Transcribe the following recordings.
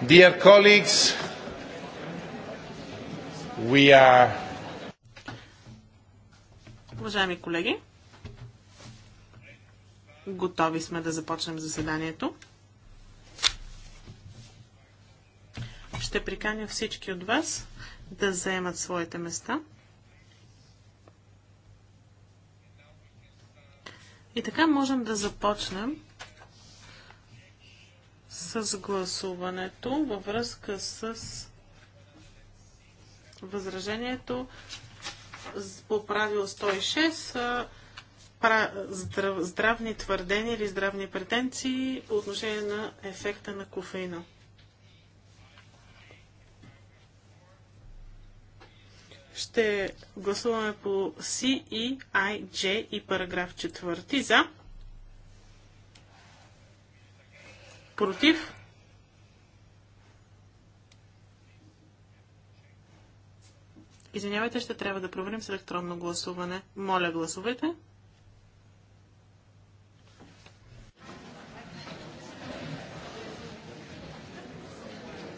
Dear colleagues, we are... Уважаеми колеги, готови сме да започнем заседанието. Ще приканя всички от вас да заемат своите места. И така можем да започнем с гласуването във връзка с възражението по правило 106 здравни твърдения или здравни претенции по отношение на ефекта на кофеина. Ще гласуваме по C E, I, J и параграф 4 за Против? Извинявайте, ще трябва да проверим с електронно гласуване. Моля, гласувайте.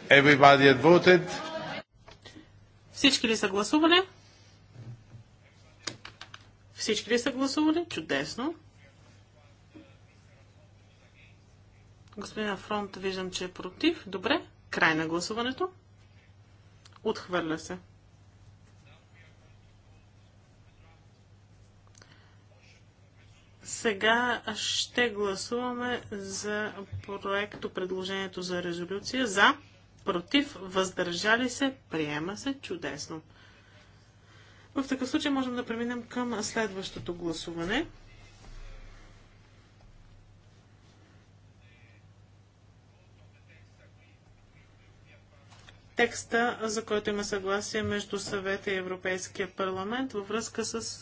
Everybody had voted. Всички ли са гласували? Всички ли са гласували? Чудесно. Господин Фронт, виждам, че е против. Добре, край на гласуването. Отхвърля се. Сега ще гласуваме за проекто предложението за резолюция за, против, въздържали се, приема се чудесно. В такъв случай можем да преминем към следващото гласуване. текста, за който има съгласие между съвета и Европейския парламент във връзка с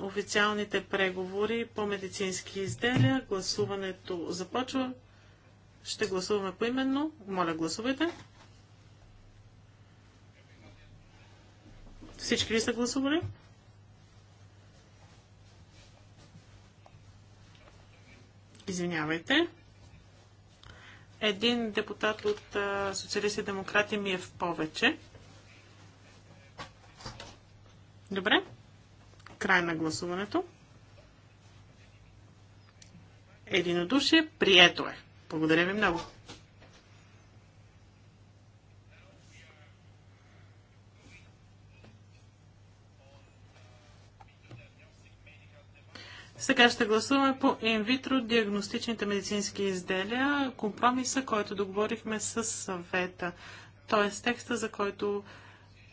официалните преговори по медицински изделия. Гласуването започва. Ще гласуваме поименно. Моля, гласувайте. Всички ли са гласували? Извинявайте един депутат от социалисти и демократи ми е в повече. Добре. Край на гласуването. Единодушие прието е. Благодаря ви много. Сега ще гласуваме по инвитро диагностичните медицински изделия, компромиса, който договорихме с съвета. Тоест текста, за който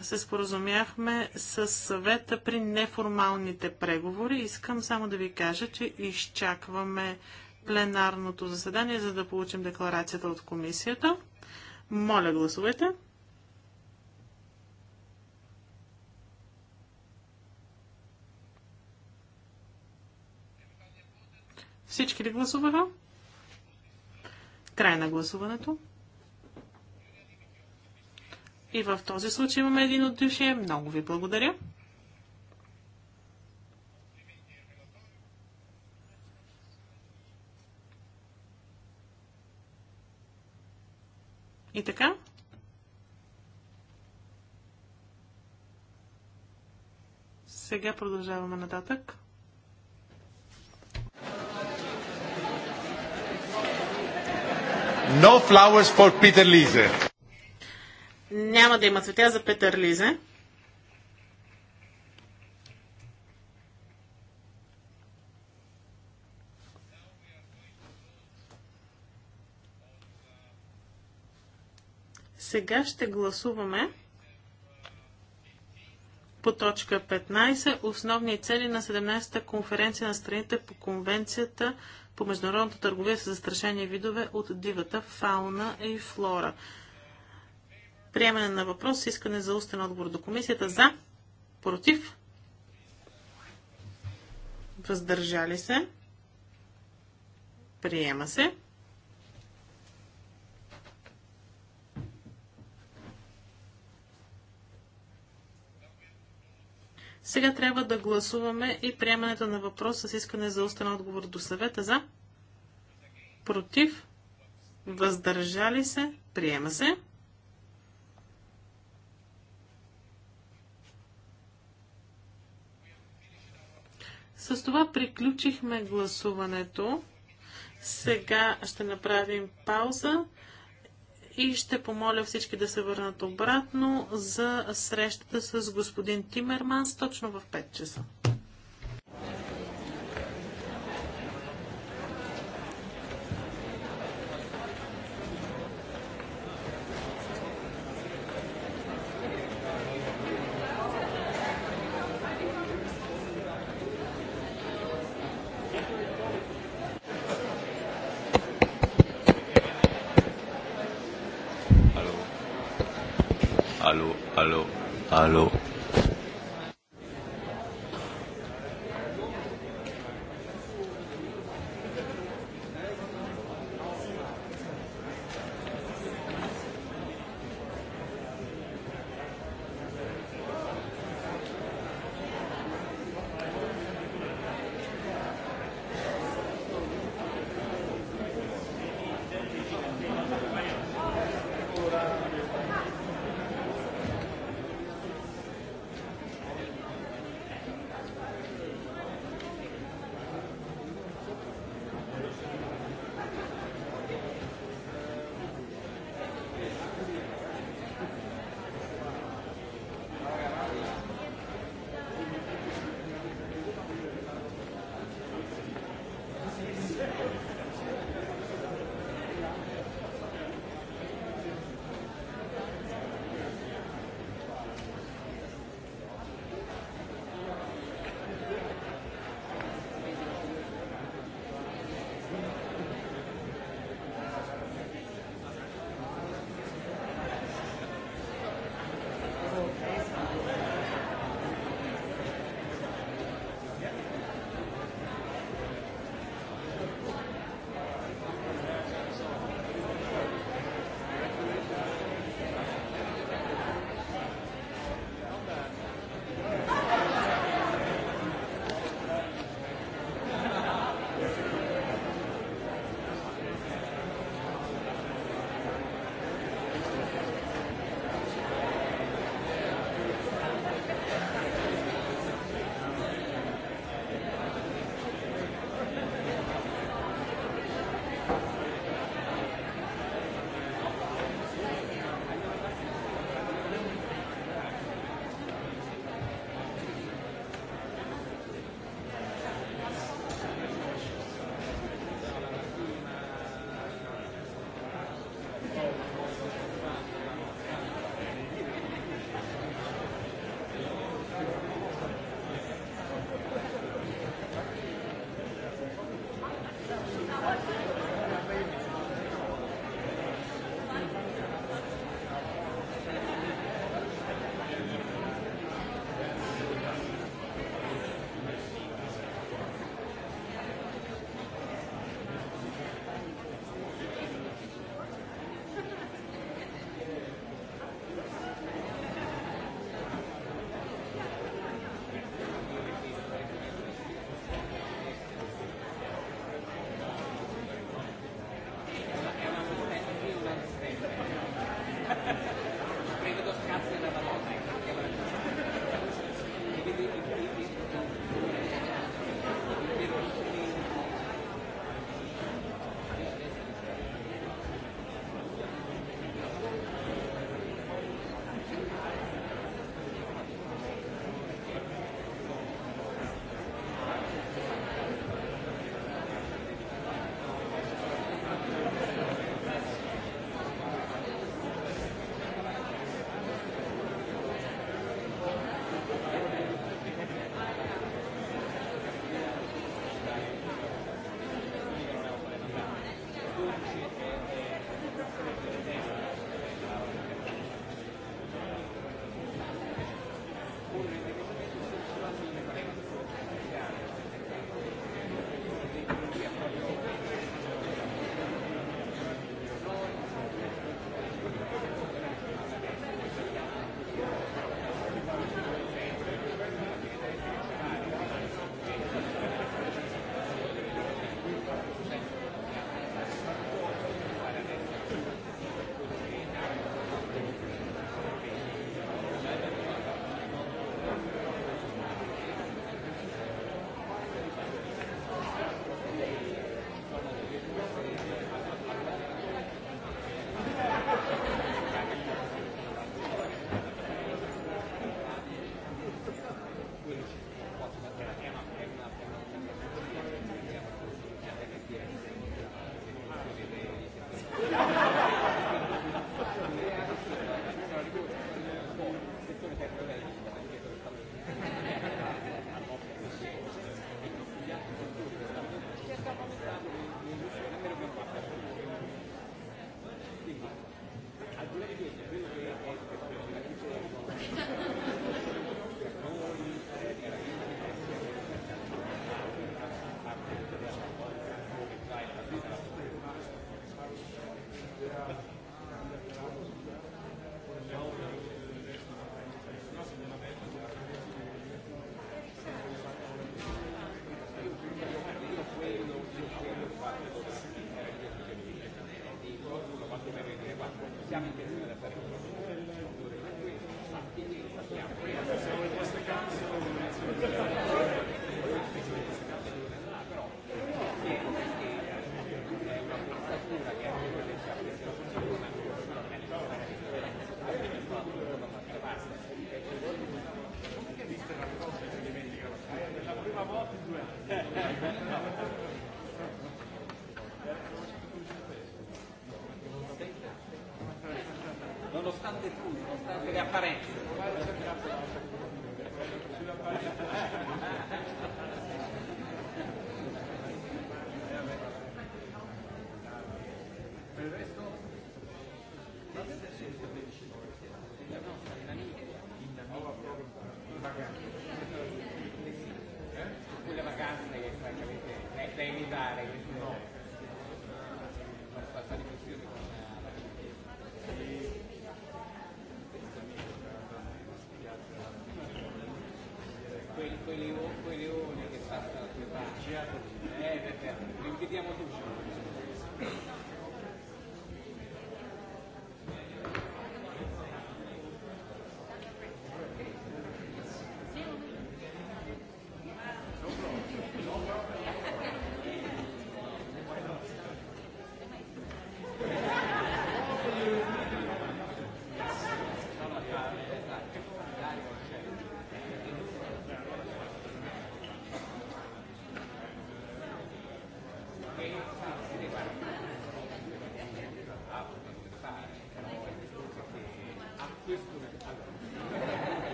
се споразумяхме с съвета при неформалните преговори. Искам само да ви кажа, че изчакваме пленарното заседание, за да получим декларацията от комисията. Моля, гласувайте. Всички ли гласуваха? Край на гласуването. И в този случай имаме един от души. Много ви благодаря. И така. Сега продължаваме нататък. No flowers for Peter Lise. Няма да има цветя за Петър Лизе. Сега ще гласуваме по точка 15 основни цели на 17-та конференция на страните по конвенцията по международната търговия с застрашени видове от дивата фауна и флора. Приемане на въпрос искане за устен отговор до комисията за, против, въздържали се, приема се. Сега трябва да гласуваме и приемането на въпрос с искане за устен отговор до съвета за против, въздържали се, приема се. С това приключихме гласуването. Сега ще направим пауза и ще помоля всички да се върнат обратно за срещата с господин Тимерманс точно в 5 часа.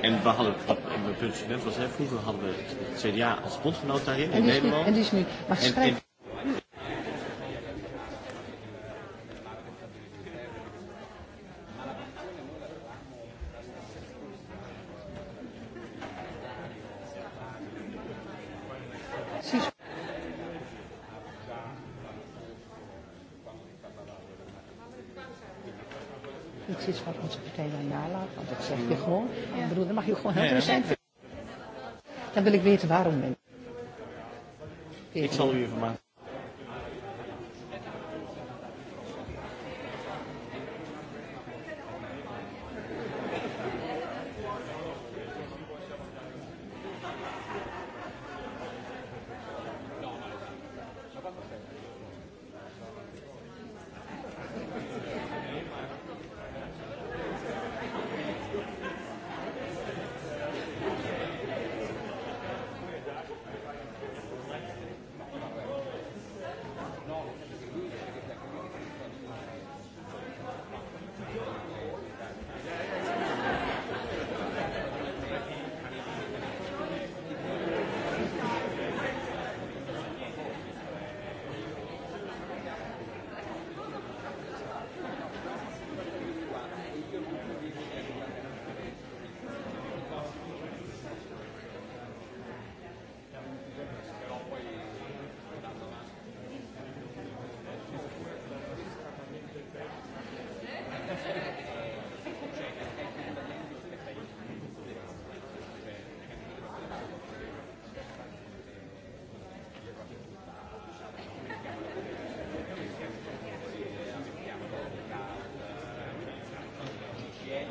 En we hadden, wat mijn punt net was, hè, vroeger hadden we het CDA als bondgenoot daarin en in Nederland. en die is nu. Maar weten waarom. Ik zal u even maken.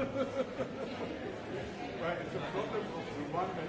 right, it's a problem of the one man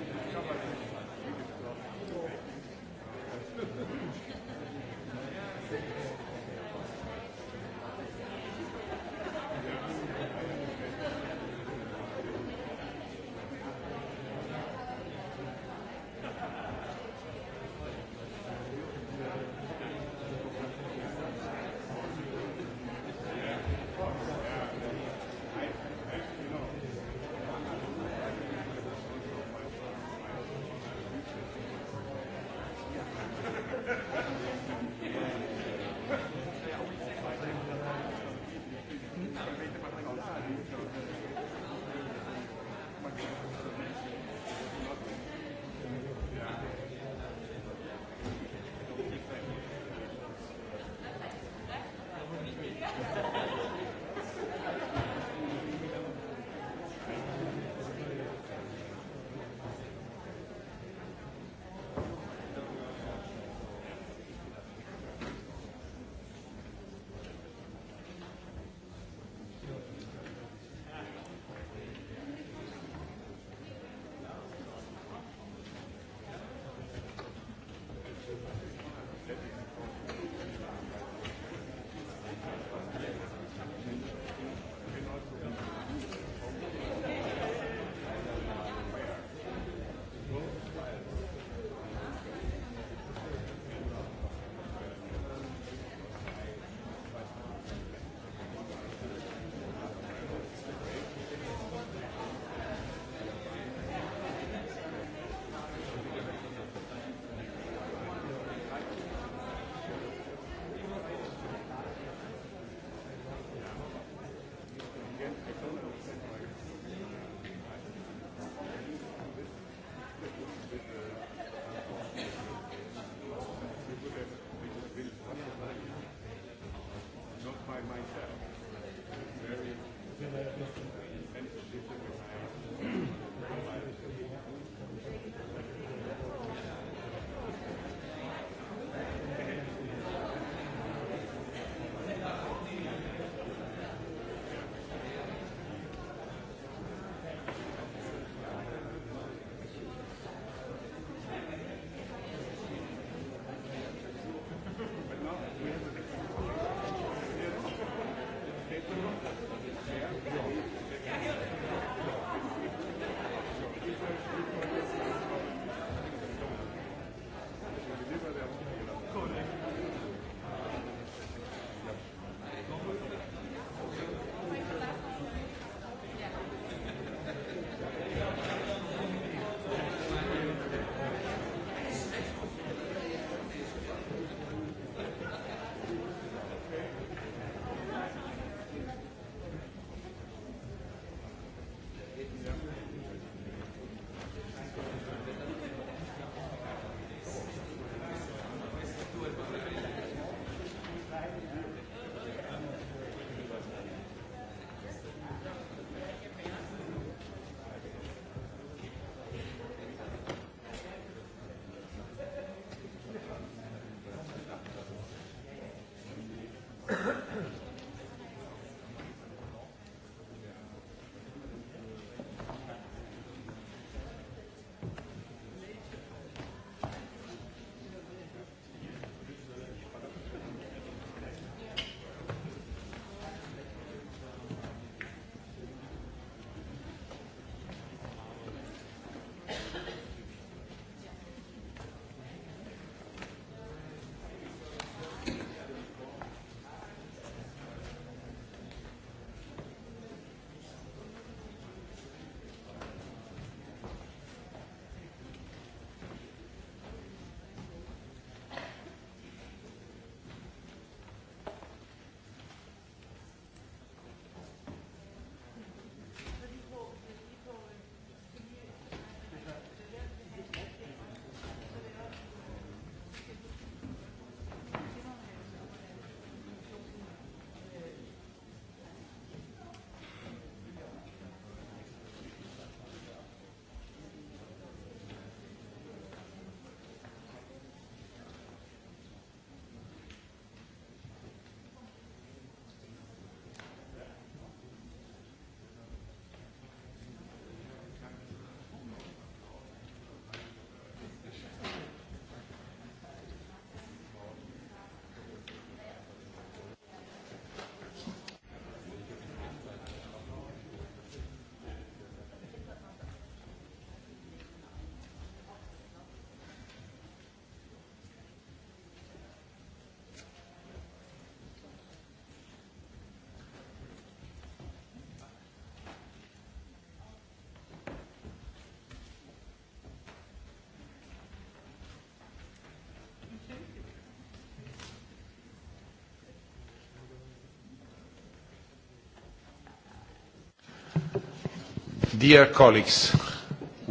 Dear colleagues,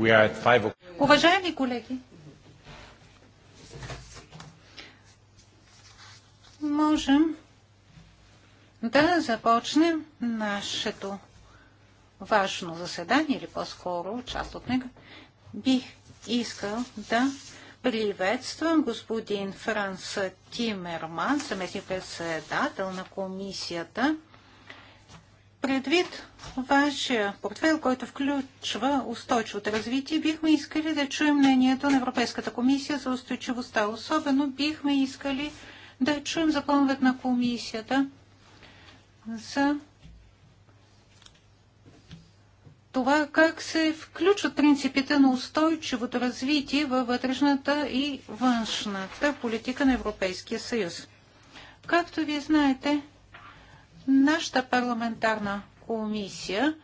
we are at five Уважаеми колеги, можем да започнем нашето важно заседание, или по-скоро част от него. Бих искал да приветствам господин Франс Тимерман, съместник председател на комисията. Предвид вашия портфел, който включва устойчивото развитие, бихме искали да чуем мнението на Европейската комисия за устойчивостта. Особено бихме искали да чуем Законът на комисията за това как се включват принципите на устойчивото развитие във вътрешната и външната политика на Европейския съюз. Както вие знаете, нашата парламентарна комисия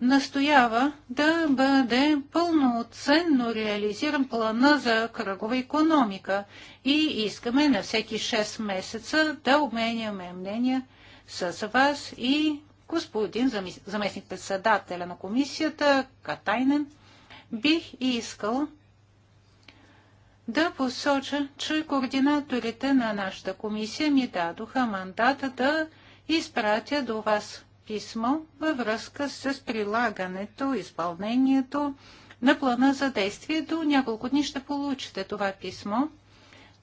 настоява да бъде пълноценно реализиран плана за кръгова економика и искаме на всеки 6 месеца да обменяме мнения с вас и господин заместник председателя на комисията Катайнен. Бих искал да посоча, че координаторите на нашата комисия ми дадоха мандата да изпратя до вас писмо във връзка с прилагането, изпълнението на плана за действие. До няколко дни ще получите това писмо.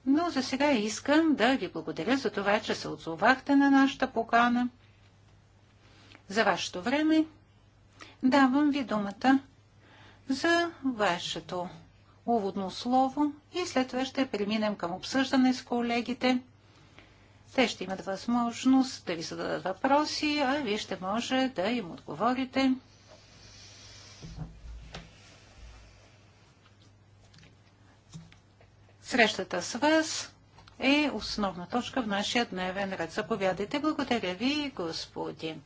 Но за сега искам да ви благодаря за това, че се отзовахте на нашата покана. За вашето време давам ви думата за вашето уводно слово и след това ще преминем към обсъждане с колегите. Те ще имат възможност да ви зададат въпроси, а вие ще може да им отговорите. Срещата с вас е основна точка в нашия дневен ред. Заповядайте. Благодаря ви, господин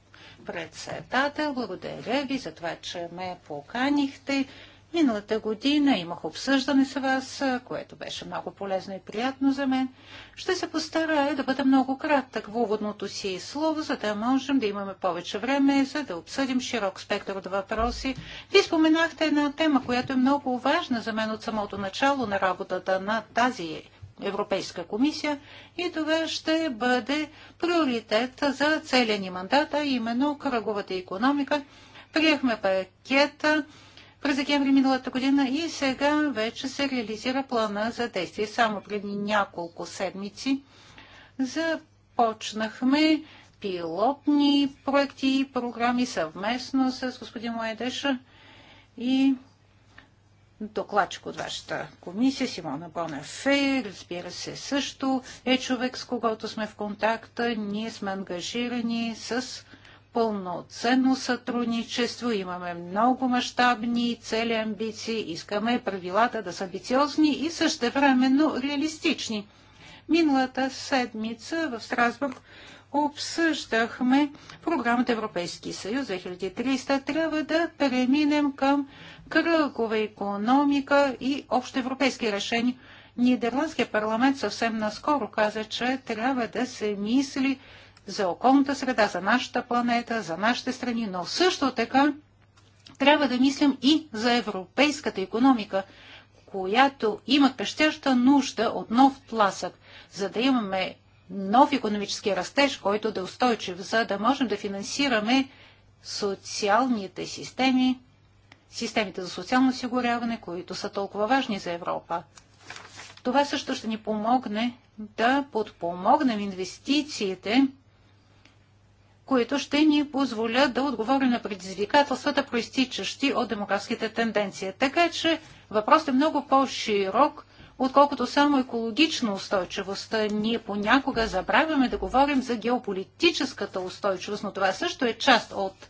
председател. Благодаря ви за това, че ме поканихте. Миналата година имах обсъждане с вас, което беше много полезно и приятно за мен. Ще се постарая да бъда много кратък в уводното си слово, за да можем да имаме повече време, за да обсъдим широк спектър от въпроси. Ви споменахте една тема, която е много важна за мен от самото начало на работата на тази Европейска комисия и това ще бъде приоритет за целия ни мандат, а именно кръговата економика. Приехме пакета през декември миналата година и сега вече се реализира плана за действие. Само преди няколко седмици започнахме пилотни проекти и програми съвместно с господин Моедеша и докладчик от вашата комисия, Симона Бонафе, разбира се, също е човек, с когото сме в контакта. Ние сме ангажирани с пълноценно сътрудничество, имаме много мащабни цели, амбиции, искаме правилата да са амбициозни и същевременно реалистични. Миналата седмица в Страсбург обсъждахме програмата Европейски съюз 2300. Трябва да преминем към кръгова економика и общо европейски решения. Нидерландския парламент съвсем наскоро каза, че трябва да се мисли за околната среда, за нашата планета, за нашите страни, но също така трябва да мислим и за европейската економика, която има крещяща нужда от нов тласък, за да имаме нов економически растеж, който да е устойчив, за да можем да финансираме социалните системи, системите за социално осигуряване, които са толкова важни за Европа. Това също ще ни помогне да подпомогнем инвестициите които ще ни позволят да отговорим на предизвикателствата, проистичащи от демографските тенденции. Така че въпросът е много по-широк, отколкото само екологична устойчивост. Ние понякога забравяме да говорим за геополитическата устойчивост, но това също е част от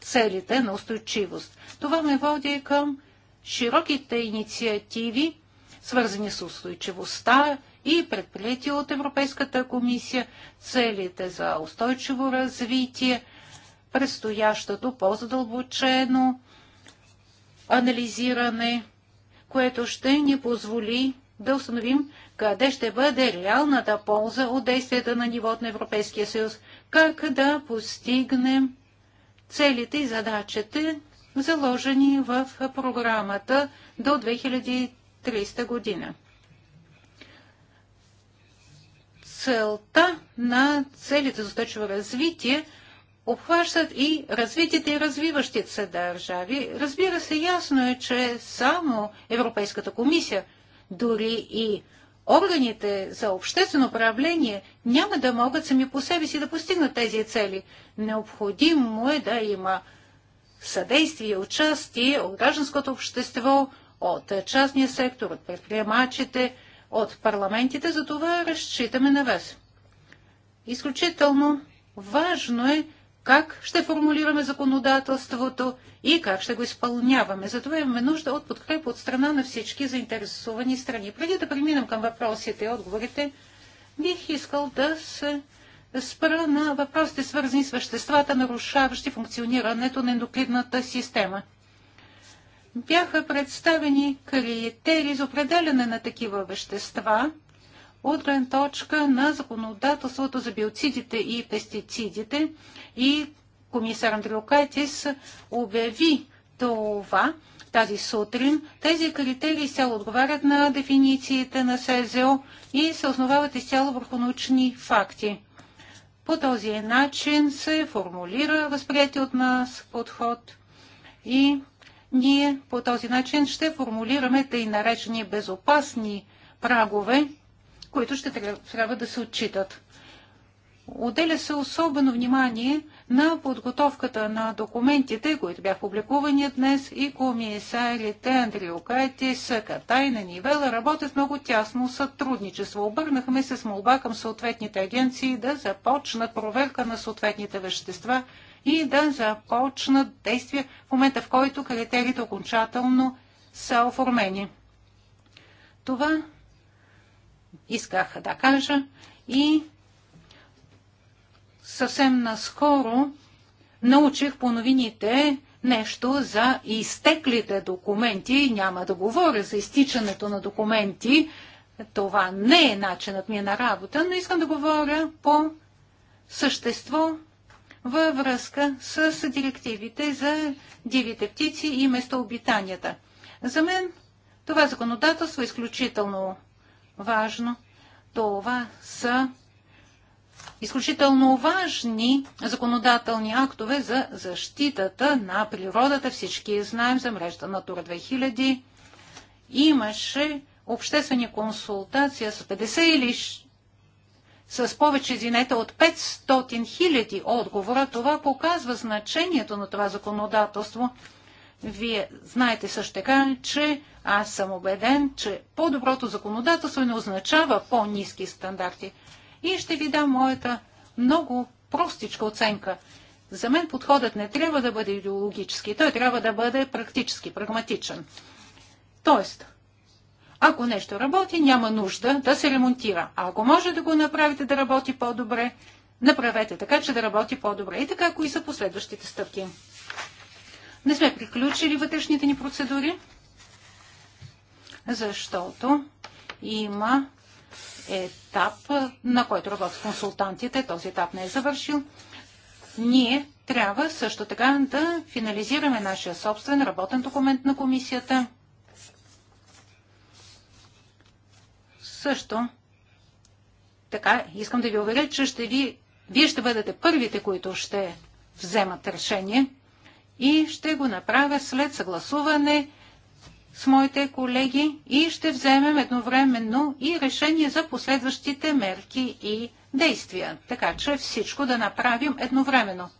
целите на устойчивост. Това ме води към широките инициативи, свързани с устойчивостта и предприяти от Европейската комисия целите за устойчиво развитие, предстоящото по-задълбочено анализиране, което ще ни позволи да установим къде ще бъде реалната полза от действията на нивото на Европейския съюз, как да постигнем целите и задачите, заложени в програмата до 2030 година. целта на целите за устойчиво развитие обхващат и развитите и развиващите се държави. Разбира се, ясно е, че само Европейската комисия, дори и органите за обществено управление няма да могат сами по себе си да постигнат тези цели. Необходимо е да има съдействие участие от гражданското общество, от частния сектор, от предприемачите, от парламентите, за това разчитаме на вас. Изключително важно е как ще формулираме законодателството и как ще го изпълняваме. Затова имаме нужда от подкрепа от страна на всички заинтересовани страни. Преди да преминем към въпросите и отговорите, бих искал да се спра на въпросите, свързани с веществата, нарушаващи функционирането на ендокридната система – бяха представени критерии за определяне на такива вещества от гледна точка на законодателството за биоцидите и пестицидите и комисар Андрюкатис обяви това тази сутрин. Тези критерии изцяло отговарят на дефинициите на СЗО и се основават изцяло върху научни факти. По този начин се формулира възприятие от нас подход и ние по този начин ще формулираме тъй наречени безопасни прагове, които ще трябва да се отчитат. Отделя се особено внимание на подготовката на документите, които бях публикувани днес и комисарите Андрио Кайтис, Катайнен и нивела, работят много тясно сътрудничество. Обърнахме се с молба към съответните агенции да започнат проверка на съответните вещества и да започнат действия в момента, в който критериите окончателно са оформени. Това исках да кажа и съвсем наскоро научих по новините нещо за изтеклите документи. Няма да говоря за изтичането на документи. Това не е начинът ми на работа, но искам да говоря по същество във връзка с директивите за дивите птици и местообитанията. За мен това законодателство е изключително важно. Това са изключително важни законодателни актове за защитата на природата. Всички знаем за мрежата Натура 2000. Имаше обществени консултации с 50 или с повече, извинете, от 500 хиляди отговора. Това показва значението на това законодателство. Вие знаете също така, че аз съм убеден, че по-доброто законодателство не означава по-низки стандарти. И ще ви дам моята много простичка оценка. За мен подходът не трябва да бъде идеологически, той трябва да бъде практически, прагматичен. Тоест, ако нещо работи, няма нужда да се ремонтира. А ако може да го направите да работи по-добре, направете така, че да работи по-добре. И така, кои са последващите стъпки? Не сме приключили вътрешните ни процедури, защото има етап, на който работят консултантите. Този етап не е завършил. Ние трябва също така да финализираме нашия собствен работен документ на комисията – Също така искам да ви уверя, че ще ви, вие ще бъдете първите, които ще вземат решение и ще го направя след съгласуване с моите колеги и ще вземем едновременно и решение за последващите мерки и действия, така че всичко да направим едновременно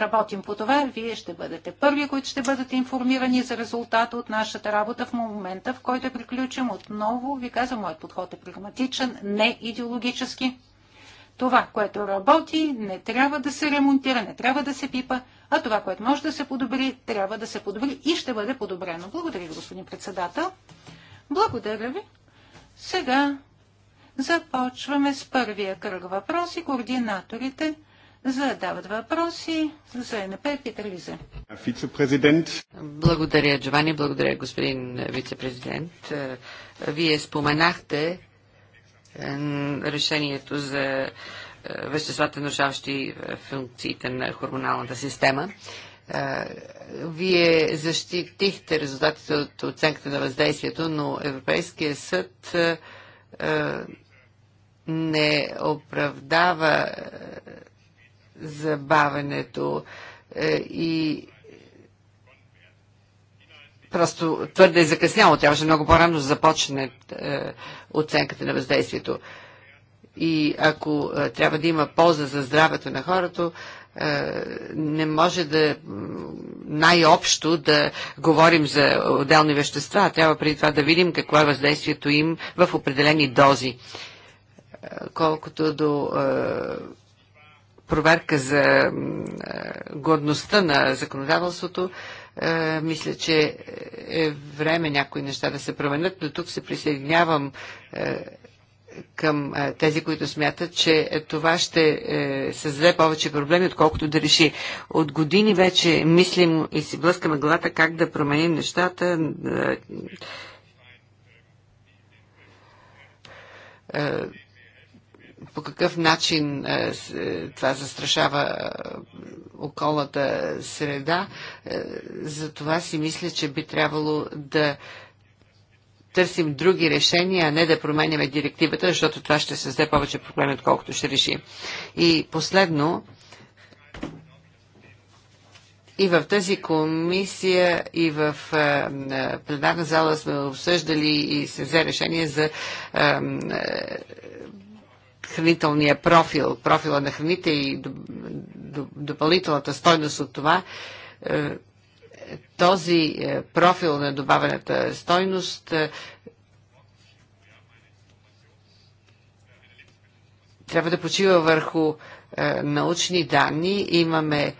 работим по това. Вие ще бъдете първи, които ще бъдете информирани за резултата от нашата работа в момента, в който е приключим. Отново ви казвам, моят подход е прагматичен, не идеологически. Това, което работи, не трябва да се ремонтира, не трябва да се пипа, а това, което може да се подобри, трябва да се подобри и ще бъде подобрено. Благодаря ви, господин председател. Благодаря ви. Сега започваме с първия кръг въпроси. Координаторите задават въпроси за НП Питер Вицепрезидент. Благодаря, Джовани. Благодаря, господин вице-президент. Е, вие споменахте е, решението за е, веществата, нарушаващи функциите на хормоналната система. Вие защитихте резултатите от оценката на въздействието, но Европейския съд не оправдава забавенето е, и просто твърде е закъсняло. Трябваше много по-рано да започне е, оценката на въздействието. И ако е, трябва да има полза за здравето на хората, не може да най-общо да говорим за отделни вещества. Трябва преди това да видим какво е въздействието им в определени дози. Колкото до проверка за годността на законодателството, мисля, че е време някои неща да се променят, но тук се присъединявам към тези, които смятат, че това ще е, създаде повече проблеми, отколкото да реши. От години вече мислим и си блъскаме главата как да променим нещата. Е, по какъв начин е, е, това застрашава е, околната среда, за това си мисля, че би трябвало да търсим други решения, а не да променяме директивата, защото това ще създаде повече проблеми, отколкото ще реши. И последно, и в тази комисия, и в пленарна зала сме обсъждали и се взе решение за хранителния профил, профила на храните и допълнителната стойност от това, е, този е, профил на добавената стойност е, трябва да почива върху научни данни. Имаме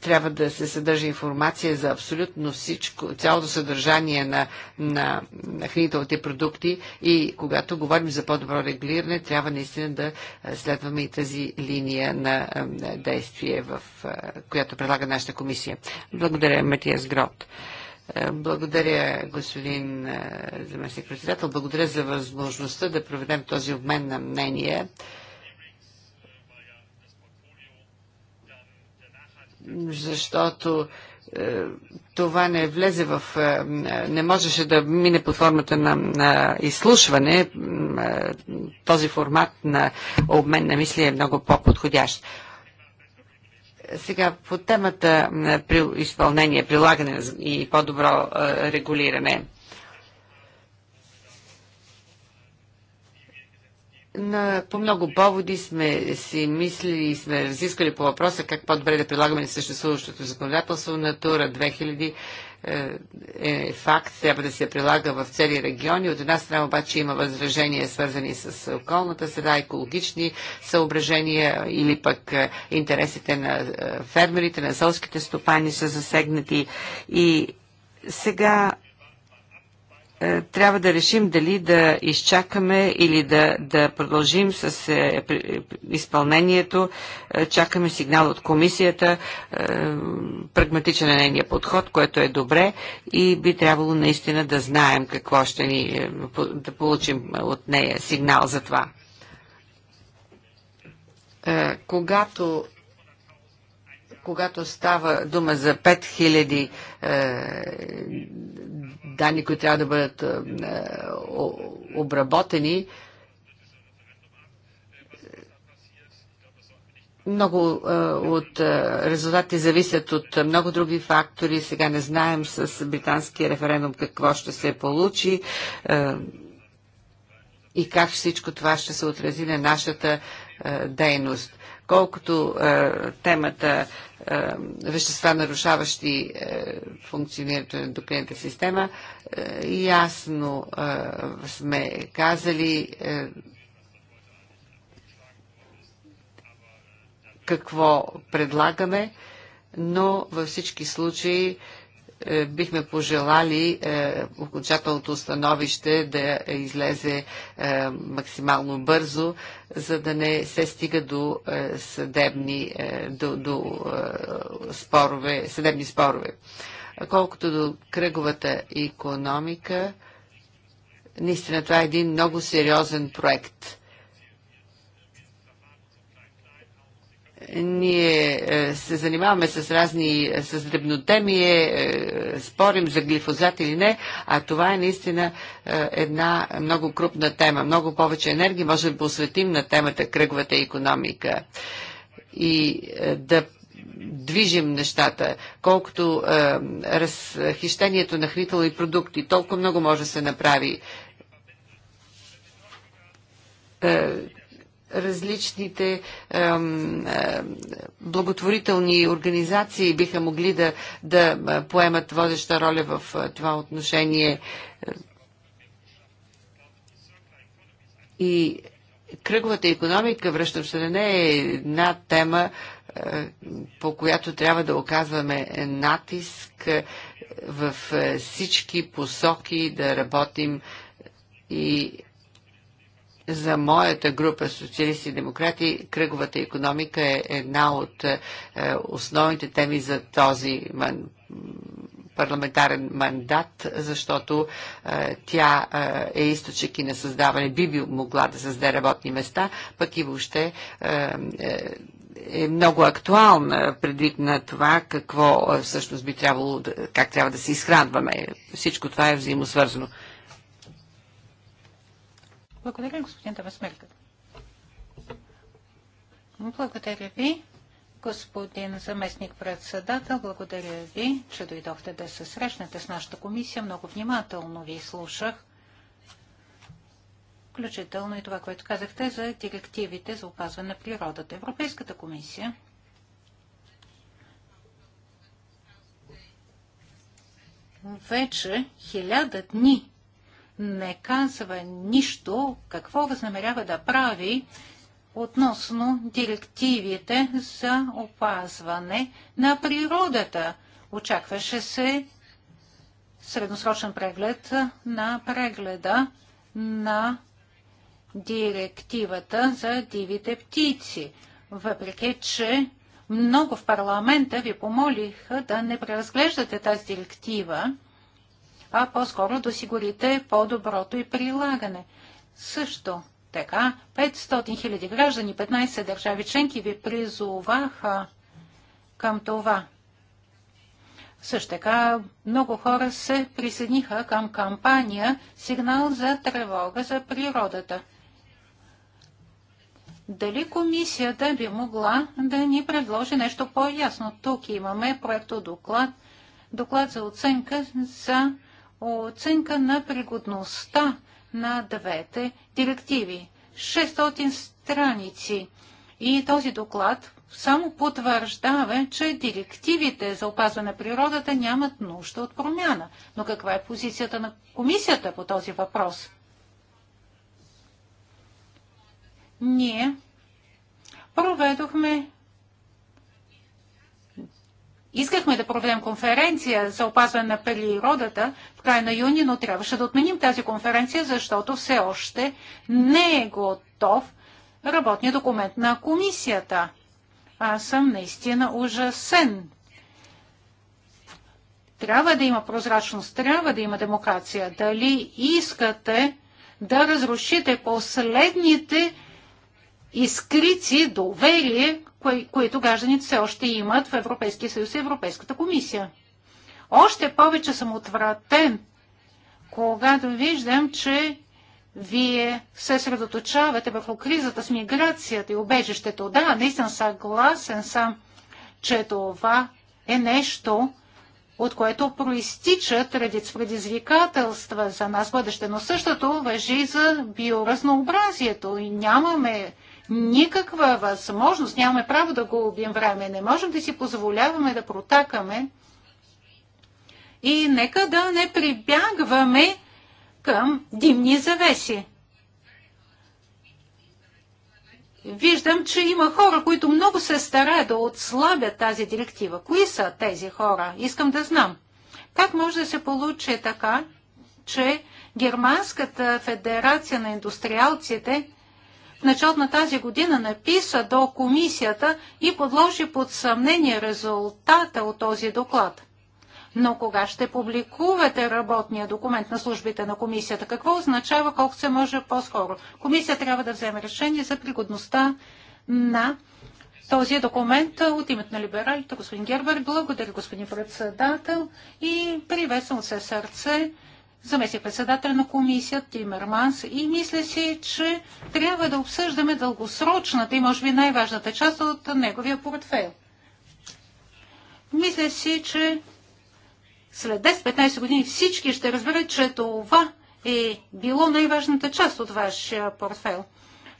трябва да се съдържа информация за абсолютно всичко, цялото съдържание на, на, на хранителните продукти и когато говорим за по-добро регулиране, трябва наистина да следваме и тази линия на, на действие, в, която предлага нашата комисия. Благодаря, Матиас Грот. Благодаря, господин заместник председател. Благодаря за възможността да проведем този обмен на мнения. защото е, това не влезе в... Е, не можеше да мине под формата на, на изслушване. Е, този формат на обмен на мисли е много по-подходящ. Сега по темата на изпълнение, прилагане и по-добро регулиране. на, по много поводи сме си мислили и сме разискали по въпроса как по-добре да прилагаме съществуващото законодателство. Натура 2000 е, е факт, трябва да се прилага в цели региони. От една страна обаче има възражения, свързани с околната среда, екологични съображения или пък е, интересите на е, фермерите, на селските стопани са засегнати. И сега е, трябва да решим дали да изчакаме или да, да продължим с е, изпълнението. Е, чакаме сигнал от комисията, е, прагматичен е нейния подход, което е добре и би трябвало наистина да знаем какво ще ни е, да получим от нея сигнал за това. Е, когато когато става дума за 5000 е, данни, които трябва да бъдат е, обработени, много е, от е, резултати зависят от е, много други фактори. Сега не знаем с британския референдум какво ще се получи е, и как всичко това ще се отрази на нашата е, дейност. Колкото е, темата е, вещества, нарушаващи е, функционирането на ендокринната система. Е, ясно сме казали какво предлагаме, но във всички случаи е, бихме пожелали е, окончателното становище да излезе е, максимално бързо, за да не се стига до съдебни до, до спорове, съдебни спорове. Колкото до кръговата економика, наистина това е един много сериозен проект Ние е, се занимаваме с разни, е, с дребнотемие, е, спорим за глифозат или не, а това е наистина една много крупна тема. Много повече енергия може да посветим на темата кръговата економика и да движим нещата, колкото разхищението на хранителни продукти, толкова много може да се направи различните е, е, благотворителни организации биха могли да, да поемат водеща роля в това отношение. И кръговата економика, връщам се на нея, е една тема, по която трябва да оказваме натиск в всички посоки, да работим и за моята група социалисти и демократи кръговата економика е една от е, основните теми за този парламентарен мандат, защото е, тя е, е източник и на създаване, би, би могла да създаде работни места, пък и въобще е много актуална предвид на това какво всъщност би трябвало, как трябва да се изхранваме. Всичко това е взаимосвързано. Благодаря, господин Тавасмеркът. Благодаря ви, господин заместник председател. Благодаря ви, че дойдохте да се срещнете с нашата комисия. Много внимателно ви слушах, включително и това, което казахте за директивите за опазване на природата. Европейската комисия вече хиляда дни не казва нищо какво възнамерява да прави относно директивите за опазване на природата. Очакваше се средносрочен преглед на прегледа на директивата за дивите птици. Въпреки, че много в парламента ви помолиха да не преразглеждате тази директива, а по-скоро да осигурите по-доброто и прилагане. Също така, 500 000 граждани, 15 държави членки ви призоваха към това. Също така много хора се присъединиха към кампания Сигнал за тревога за природата. Дали комисията би могла да ни предложи нещо по-ясно? Тук имаме проекто доклад, доклад за оценка за оценка на пригодността на двете директиви. 600 страници. И този доклад само потвърждава, че директивите за опазване на природата нямат нужда от промяна. Но каква е позицията на комисията по този въпрос? Ние проведохме Искахме да проведем конференция за опазване на природата в края на юни, но трябваше да отменим тази конференция, защото все още не е готов работния документ на комисията. Аз съм наистина ужасен. Трябва да има прозрачност, трябва да има демокрация. Дали искате да разрушите последните изкрици доверие, кои, които гражданите все още имат в Европейския съюз и Европейската комисия. Още повече съм отвратен, когато виждам, че вие се средоточавате върху кризата с миграцията и убежището. Да, наистина съгласен съм, че това е нещо, от което проистичат редиц предизвикателства за нас бъдеще. Но същото въжи за биоразнообразието и нямаме никаква възможност, нямаме право да губим време, не можем да си позволяваме да протакаме и нека да не прибягваме към димни завеси. Виждам, че има хора, които много се стараят да отслабят тази директива. Кои са тези хора? Искам да знам. Как може да се получи така, че Германската федерация на индустриалците началото на тази година написа до комисията и подложи под съмнение резултата от този доклад. Но кога ще публикувате работния документ на службите на комисията? Какво означава колко се може по-скоро? Комисия трябва да вземе решение за пригодността на този документ от името на либералите. Господин Гербер, благодаря господин председател и приветствам се сърце заместник председател на комисията Тимерманс и мисля си, че трябва да обсъждаме дългосрочната и може би най-важната част от неговия портфейл. Мисля си, че след 10-15 години всички ще разберат, че това е било най-важната част от вашия портфейл.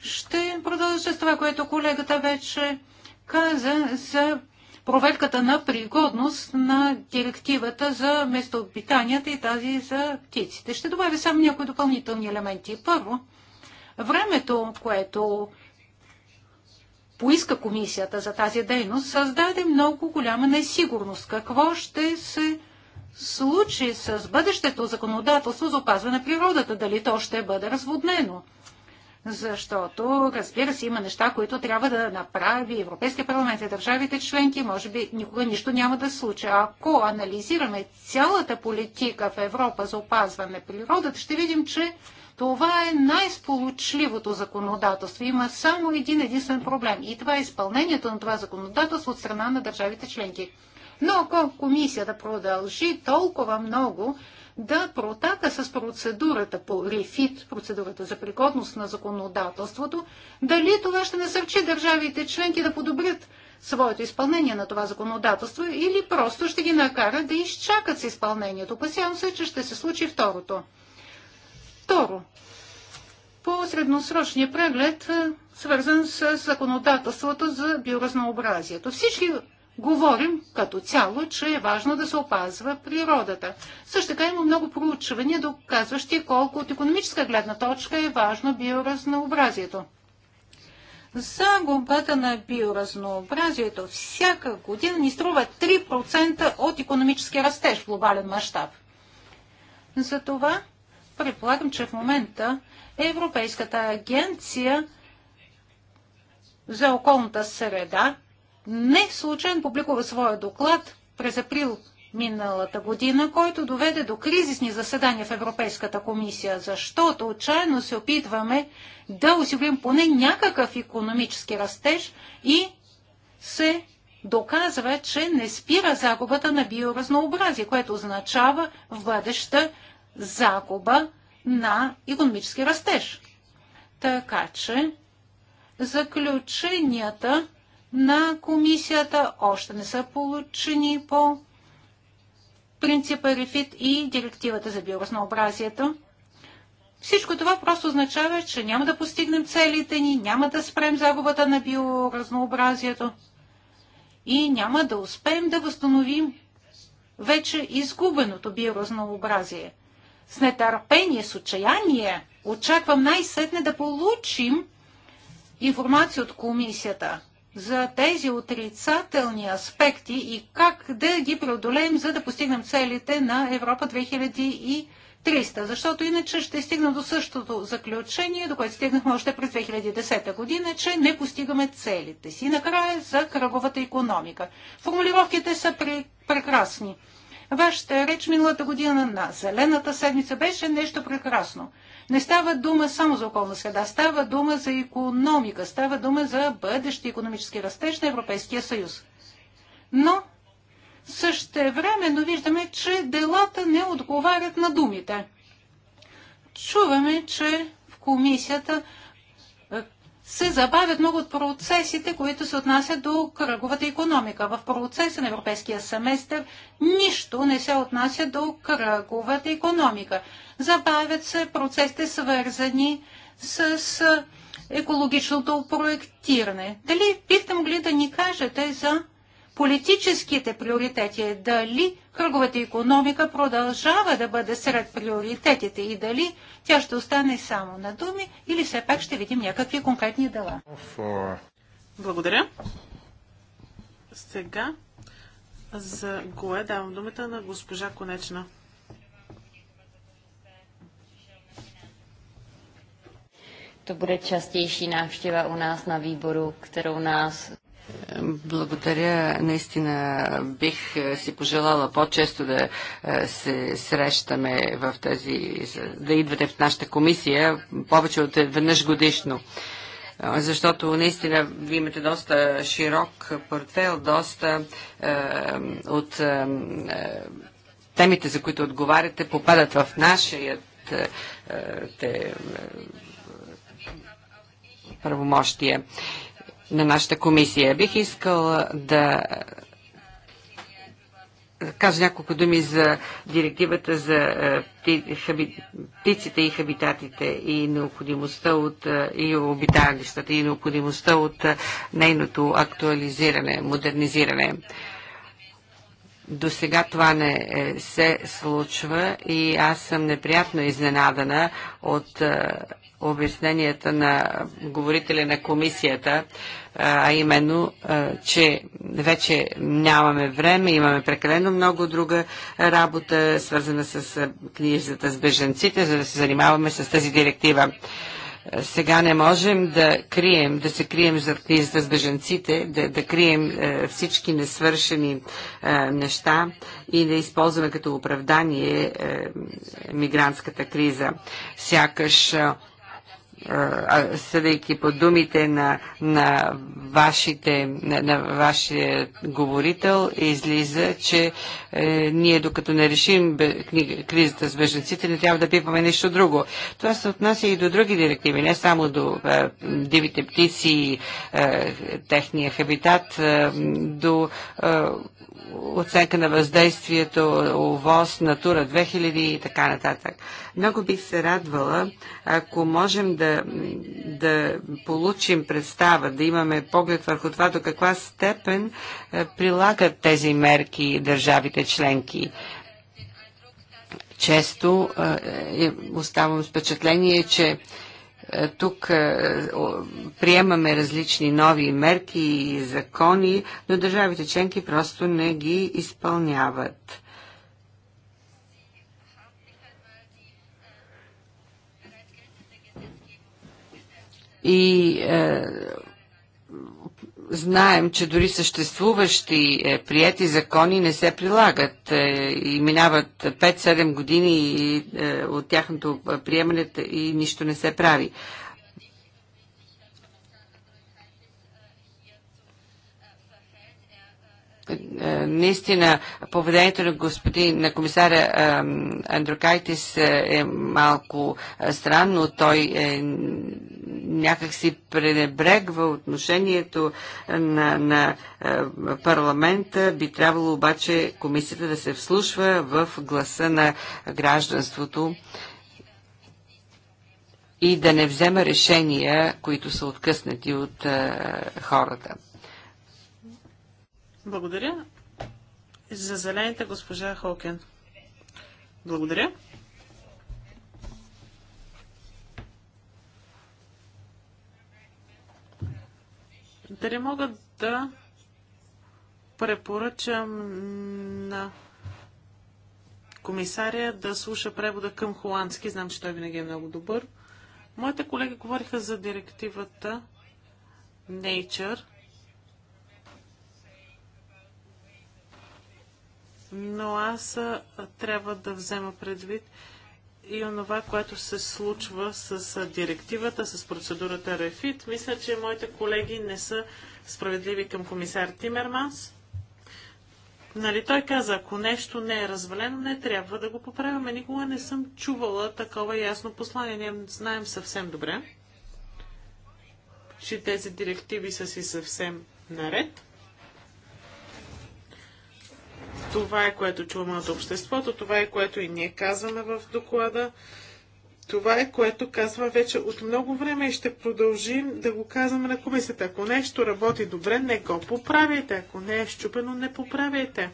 Ще продължа с това, което колегата вече каза за проверката на пригодност на директивата за местообитанията и тази за птиците. Ще добавя само някои допълнителни елементи. Първо, времето, което поиска комисията за тази дейност, създаде много голяма несигурност. Какво ще се случи с бъдещето законодателство за опазване на природата? Дали то ще бъде разводнено? Защото, разбира се, има неща, които трябва да направи Европейския парламент и държавите членки. Може би никога нищо няма да случи. Ако анализираме цялата политика в Европа за опазване на природата, ще видим, че това е най-сполучливото законодателство. Има само един единствен проблем. И това е изпълнението на това законодателство от страна на държавите членки. Но ако комисията продължи толкова много да протака с процедурата по рефит, процедурата за пригодност на законодателството, дали това ще насърчи държавите членки да подобрят своето изпълнение на това законодателство или просто ще ги накара да изчакат с изпълнението. Опасявам се, че ще се случи второто. Второ, по средносрочния преглед, свързан с законодателството за биоразнообразието. Всички говорим като цяло, че е важно да се опазва природата. Също така има много проучвания, доказващи колко от економическа гледна точка е важно биоразнообразието. Загубата на биоразнообразието всяка година ни струва 3% от економически растеж в глобален мащаб. Затова предполагам, че в момента Европейската агенция за околната среда не случайно публикува своя доклад през април миналата година, който доведе до кризисни заседания в Европейската комисия, защото отчаяно се опитваме да осигурим поне някакъв економически растеж и се доказва, че не спира загубата на биоразнообразие, което означава в бъдеща загуба на економически растеж. Така че заключенията на комисията още не са получени по принципа РЕФИТ и директивата за биоразнообразието. Всичко това просто означава, че няма да постигнем целите ни, няма да спрем загубата на биоразнообразието и няма да успеем да възстановим вече изгубеното биоразнообразие. С нетърпение, с отчаяние очаквам най-сетне да получим информация от комисията за тези отрицателни аспекти и как да ги преодолеем, за да постигнем целите на Европа 2030. Защото иначе ще стигна до същото заключение, до което стигнахме още през 2010 година, че не постигаме целите си. И накрая за кръговата економика. Формулировките са прекрасни. Вашата реч миналата година на Зелената седмица беше нещо прекрасно. Не става дума само за околна среда, става дума за економика, става дума за бъдещи економически растеж на Европейския съюз. Но също но виждаме, че делата не отговарят на думите. Чуваме, че в комисията се забавят много от процесите, които се отнасят до кръговата економика. В процеса на европейския семестър нищо не се отнася до кръговата економика. Забавят се процесите, свързани с екологичното проектиране. Дали бихте могли да ни кажете за политическите приоритети, е дали кръговата економика продължава да бъде сред приоритетите и дали тя ще остане само на думи или все пак ще видим някакви конкретни дела. Благодаря. Сега за Гое давам думата на госпожа Конечна. To bude častější návštěva u nás na výboru, kterou nás благодаря. Наистина бих е, си пожелала по-често да е, се срещаме в тези да идвате в нашата комисия повече от веднъж годишно е, защото наистина ви имате доста широк портфел, доста е, от е, темите, за които отговаряте, попадат в нашия е, е, правомощия на нашата комисия. Бих искал да кажа няколко думи за директивата за е, птиците и хабитатите и необходимостта от е, и обиталищата и необходимостта от е, нейното актуализиране, модернизиране. До сега това не се случва и аз съм неприятно изненадана от обясненията на говорителя на комисията, а именно, че вече нямаме време, имаме прекалено много друга работа, свързана с книжата с беженците, за да се занимаваме с тази директива. Сега не можем да крием, да се крием зад книжата с беженците, да, да крием е, всички несвършени е, неща и да използваме като оправдание е, мигрантската криза. Сякаш съдейки по думите на, на, вашите, на, на вашия говорител, излиза, че е, ние докато не решим бе, книга, кризата с беженците, не трябва да пипаме нещо друго. Това се отнася и до други директиви, не само до е, дивите птици, е, техния хабитат, е, до е, оценка на въздействието, ОВОС, Натура 2000 и така нататък. Много бих се радвала, ако можем да, да получим представа, да имаме поглед върху това до каква степен е, прилагат тези мерки държавите членки често е, е, оставам с впечатление, че е, тук е, приемаме различни нови мерки и закони, но държавите членки просто не ги изпълняват. И е, знаем, че дори съществуващи е, прияти закони не се прилагат е, и минават 5-7 години и, е, от тяхното е, приемане и нищо не се прави. Е, наистина, поведението на господин, на комисаря е, Андрокайтис е, е малко странно. Той е, някак си пренебрегва отношението на, на парламента. Би трябвало обаче комисията да се вслушва в гласа на гражданството и да не взема решения, които са откъснати от хората. Благодаря. За зелените госпожа Хокен. Благодаря. Дали мога да препоръчам на комисаря да слуша превода към холандски. Знам, че той винаги е много добър. Моите колеги говориха за директивата Nature – но аз трябва да взема предвид и онова, което се случва с директивата, с процедурата Рефит. Мисля, че моите колеги не са справедливи към комисар Тимерманс. Нали, той каза, ако нещо не е развалено, не трябва да го поправяме. Никога не съм чувала такова ясно послание. Ние знаем съвсем добре, че тези директиви са си съвсем наред. Това е което чуваме от обществото, това е което и ние казваме в доклада. Това е което казва вече от много време и ще продължим да го казваме на комисията. Ако нещо работи добре, не го поправяйте. Ако не е щупено, не поправяйте.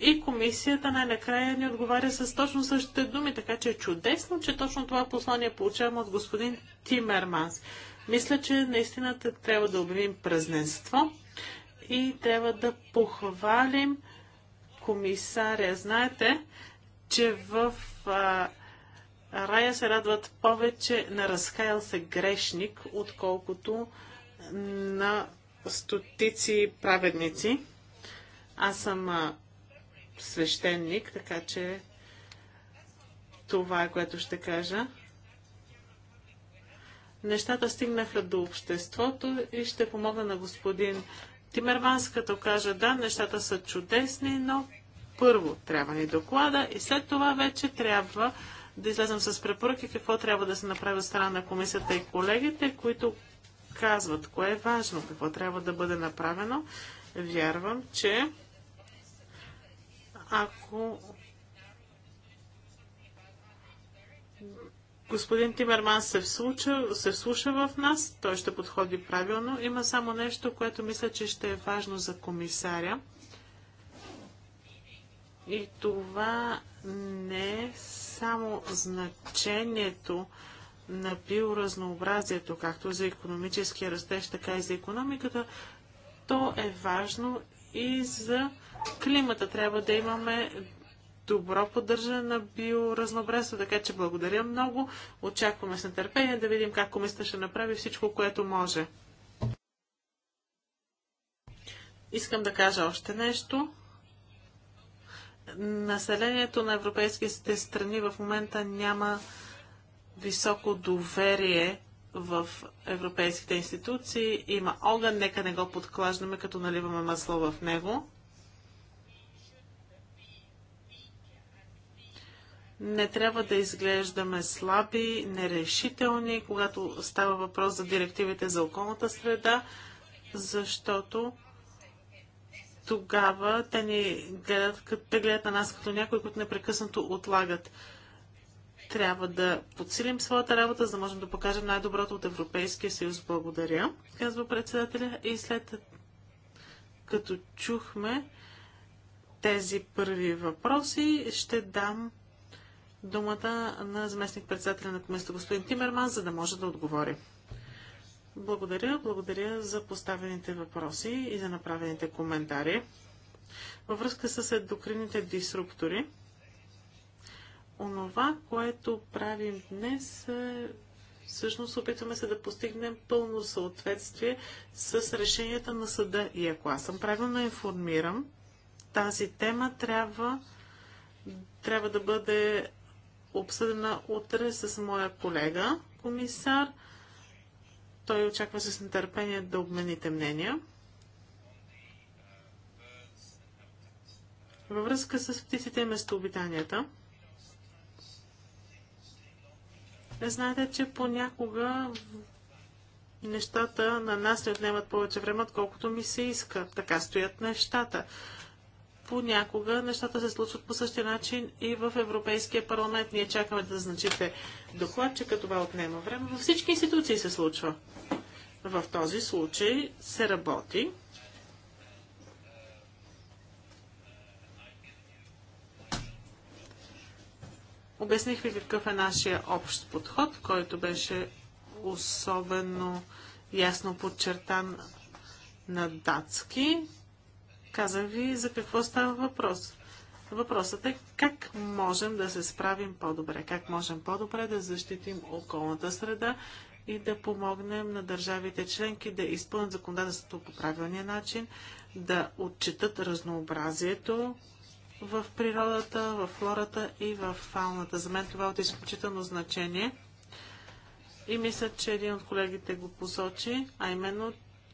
И комисията най-накрая ни отговаря с точно същите думи, така че е чудесно, че точно това послание получаваме от господин Тимерманс. Мисля, че наистина трябва да обявим празненство и трябва да похвалим комисаря. Знаете, че в а, рая се радват повече на разкаял се грешник, отколкото на стотици праведници. Аз съм а, свещеник, така че това е което ще кажа. Нещата стигнаха до обществото и ще помогна на господин Тимерманс като каже да, нещата са чудесни, но първо трябва ни доклада и след това вече трябва да излезем с препоръки какво трябва да се направи от страна на комисията и колегите, които казват кое е важно, какво трябва да бъде направено. Вярвам, че ако Господин Тимерман се вслуша, се вслуша в нас, той ще подходи правилно. Има само нещо, което мисля, че ще е важно за комисаря. И това не е само значението на биоразнообразието, както за економическия растеж, така и за економиката, то е важно и за климата. Трябва да имаме добро поддържане на биоразнообразието, така че благодаря много. Очакваме с нетърпение да видим как комисията ще направи всичко, което може. Искам да кажа още нещо. Населението на европейските страни в момента няма високо доверие в европейските институции. Има огън, нека не го подклаждаме, като наливаме масло в него. Не трябва да изглеждаме слаби, нерешителни, когато става въпрос за директивите за околната среда, защото тогава те ни гледат, те гледат на нас като някои, които непрекъснато отлагат. Трябва да подсилим своята работа, за да можем да покажем най-доброто от Европейския съюз. Благодаря, казва председателя. И след като чухме тези първи въпроси, ще дам думата на заместник председателя на комисията господин Тимерман, за да може да отговори. Благодаря, благодаря за поставените въпроси и за направените коментари. Във връзка с ендокрините дисруптори, онова, което правим днес, е, всъщност опитваме се да постигнем пълно съответствие с решенията на съда. И ако аз съм правилно информирам, тази тема трябва, трябва да бъде обсъдена утре с моя колега, комисар. Той очаква с нетърпение да обмените мнения. Във връзка с птиците и местообитанията, е, знаете, че понякога нещата на нас не отнемат повече време, отколкото ми се иска. Така стоят нещата понякога нещата се случват по същия начин и в Европейския парламент. Ние чакаме да значите докладчика, това отнема време. Във всички институции се случва. В този случай се работи. Обясних ви какъв е нашия общ подход, който беше особено ясно подчертан на датски. Казах ви за какво става въпрос. Въпросът е как можем да се справим по-добре, как можем по-добре да защитим околната среда и да помогнем на държавите членки да изпълнят законодателството по правилния начин, да отчитат разнообразието в природата, в флората и в фауната. За мен това е от изключително значение. И мисля, че един от колегите го посочи, а именно,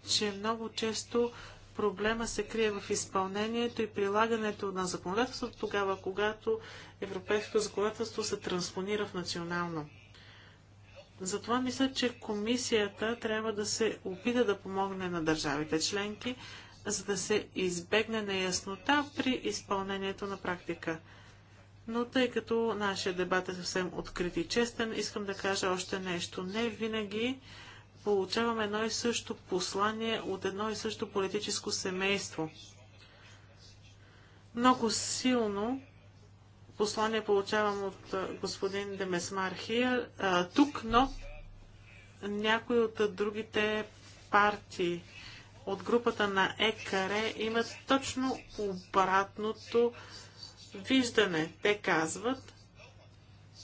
че много често проблема се крие в изпълнението и прилагането на законодателството тогава, когато европейското законодателство се транспонира в национално. Затова мисля, че комисията трябва да се опита да помогне на държавите членки, за да се избегне неяснота при изпълнението на практика. Но тъй като нашия дебат е съвсем открит и честен, искам да кажа още нещо. Не винаги получаваме едно и също послание от едно и също политическо семейство. Много силно послание получавам от господин Демесмархия тук, но някои от другите партии от групата на ЕКАРЕ имат точно обратното виждане. Те казват,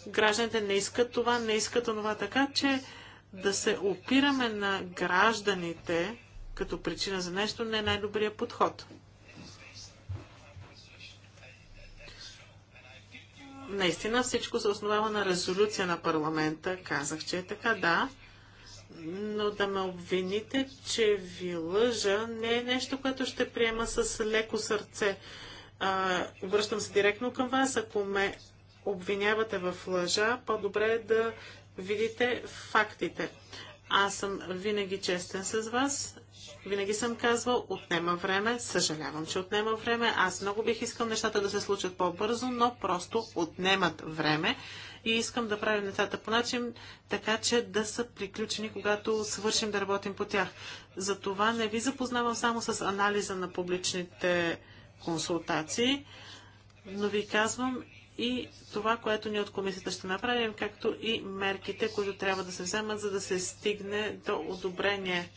гражданите не искат това, не искат това, така че да се опираме на гражданите като причина за нещо не е най-добрият подход. Наистина всичко се основава на резолюция на парламента. Казах, че е така, да. Но да ме обвините, че ви лъжа, не е нещо, което ще приема с леко сърце. А, обръщам се директно към вас. Ако ме обвинявате в лъжа, по-добре е да видите фактите. Аз съм винаги честен с вас. Винаги съм казвал, отнема време, съжалявам, че отнема време. Аз много бих искал нещата да се случат по-бързо, но просто отнемат време и искам да правим нещата по начин, така че да са приключени, когато свършим да работим по тях. Затова не ви запознавам само с анализа на публичните консултации, но ви казвам и това, което ние от комисията ще направим, както и мерките, които трябва да се вземат, за да се стигне до одобрение.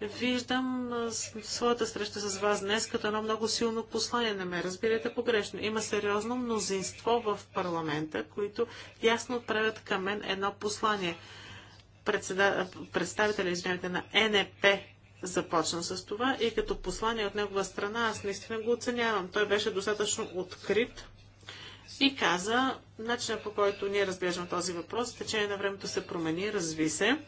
Виждам своята среща с вас днес като едно много силно послание. на ме разбирате погрешно. Има сериозно мнозинство в парламента, които ясно отправят към мен едно послание. Представители, Представителя, извинявайте, на НП започна с това и като послание от негова страна аз наистина го оценявам. Той беше достатъчно открит и каза, начинът по който ние разглеждаме този въпрос, в течение на времето се промени, разви се.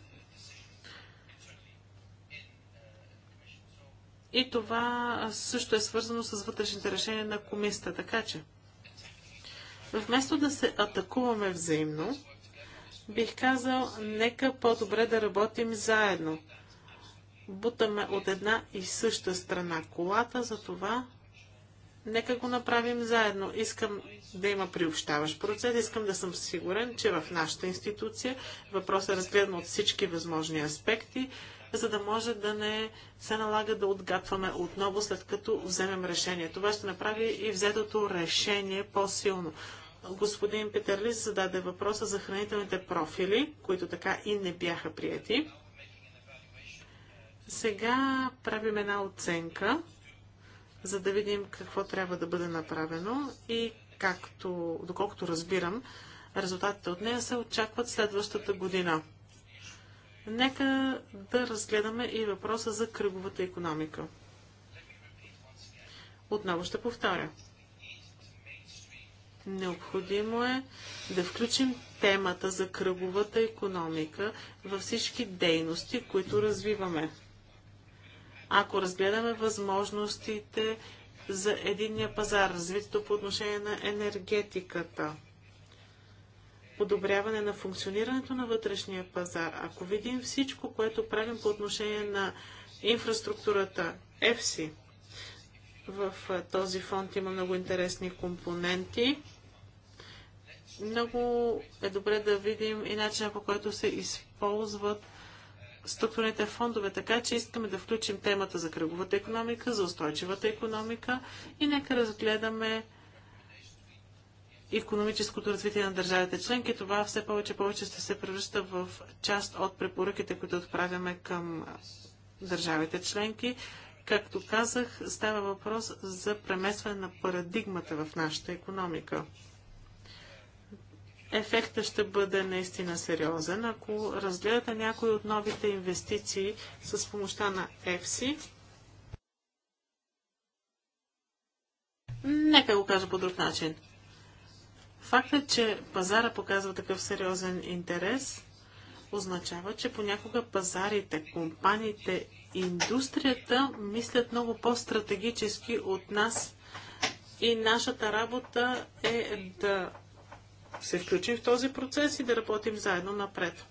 И това също е свързано с вътрешните решения на комисията. Така че, вместо да се атакуваме взаимно, бих казал, нека по-добре да работим заедно. Бутаме от една и съща страна колата, за това Нека го направим заедно. Искам да има приобщаващ процес. Искам да съм сигурен, че в нашата институция въпросът е разгледан от всички възможни аспекти, за да може да не се налага да отгатваме отново, след като вземем решение. Това ще направи и взетото решение по-силно. Господин Петерлис зададе въпроса за хранителните профили, които така и не бяха прияти. Сега правим една оценка за да видим какво трябва да бъде направено и както, доколкото разбирам, резултатите от нея се очакват следващата година. Нека да разгледаме и въпроса за кръговата економика. Отново ще повторя. Необходимо е да включим темата за кръговата економика във всички дейности, които развиваме ако разгледаме възможностите за единния пазар, развитието по отношение на енергетиката, подобряване на функционирането на вътрешния пазар, ако видим всичко, което правим по отношение на инфраструктурата EFSI, в този фонд има много интересни компоненти. Много е добре да видим и начина по който се използват структурните фондове, така че искаме да включим темата за кръговата економика, за устойчивата економика и нека разгледаме економическото развитие на държавите членки. Това все повече и повече ще се превръща в част от препоръките, които отправяме към държавите членки. Както казах, става въпрос за преместване на парадигмата в нашата економика ефекта ще бъде наистина сериозен. Ако разгледате някои от новите инвестиции с помощта на EFSI, нека го кажа по друг начин. Фактът, е, че пазара показва такъв сериозен интерес, означава, че понякога пазарите, компаниите, индустрията мислят много по-стратегически от нас и нашата работа е да се включим в този процес и да работим заедно напред.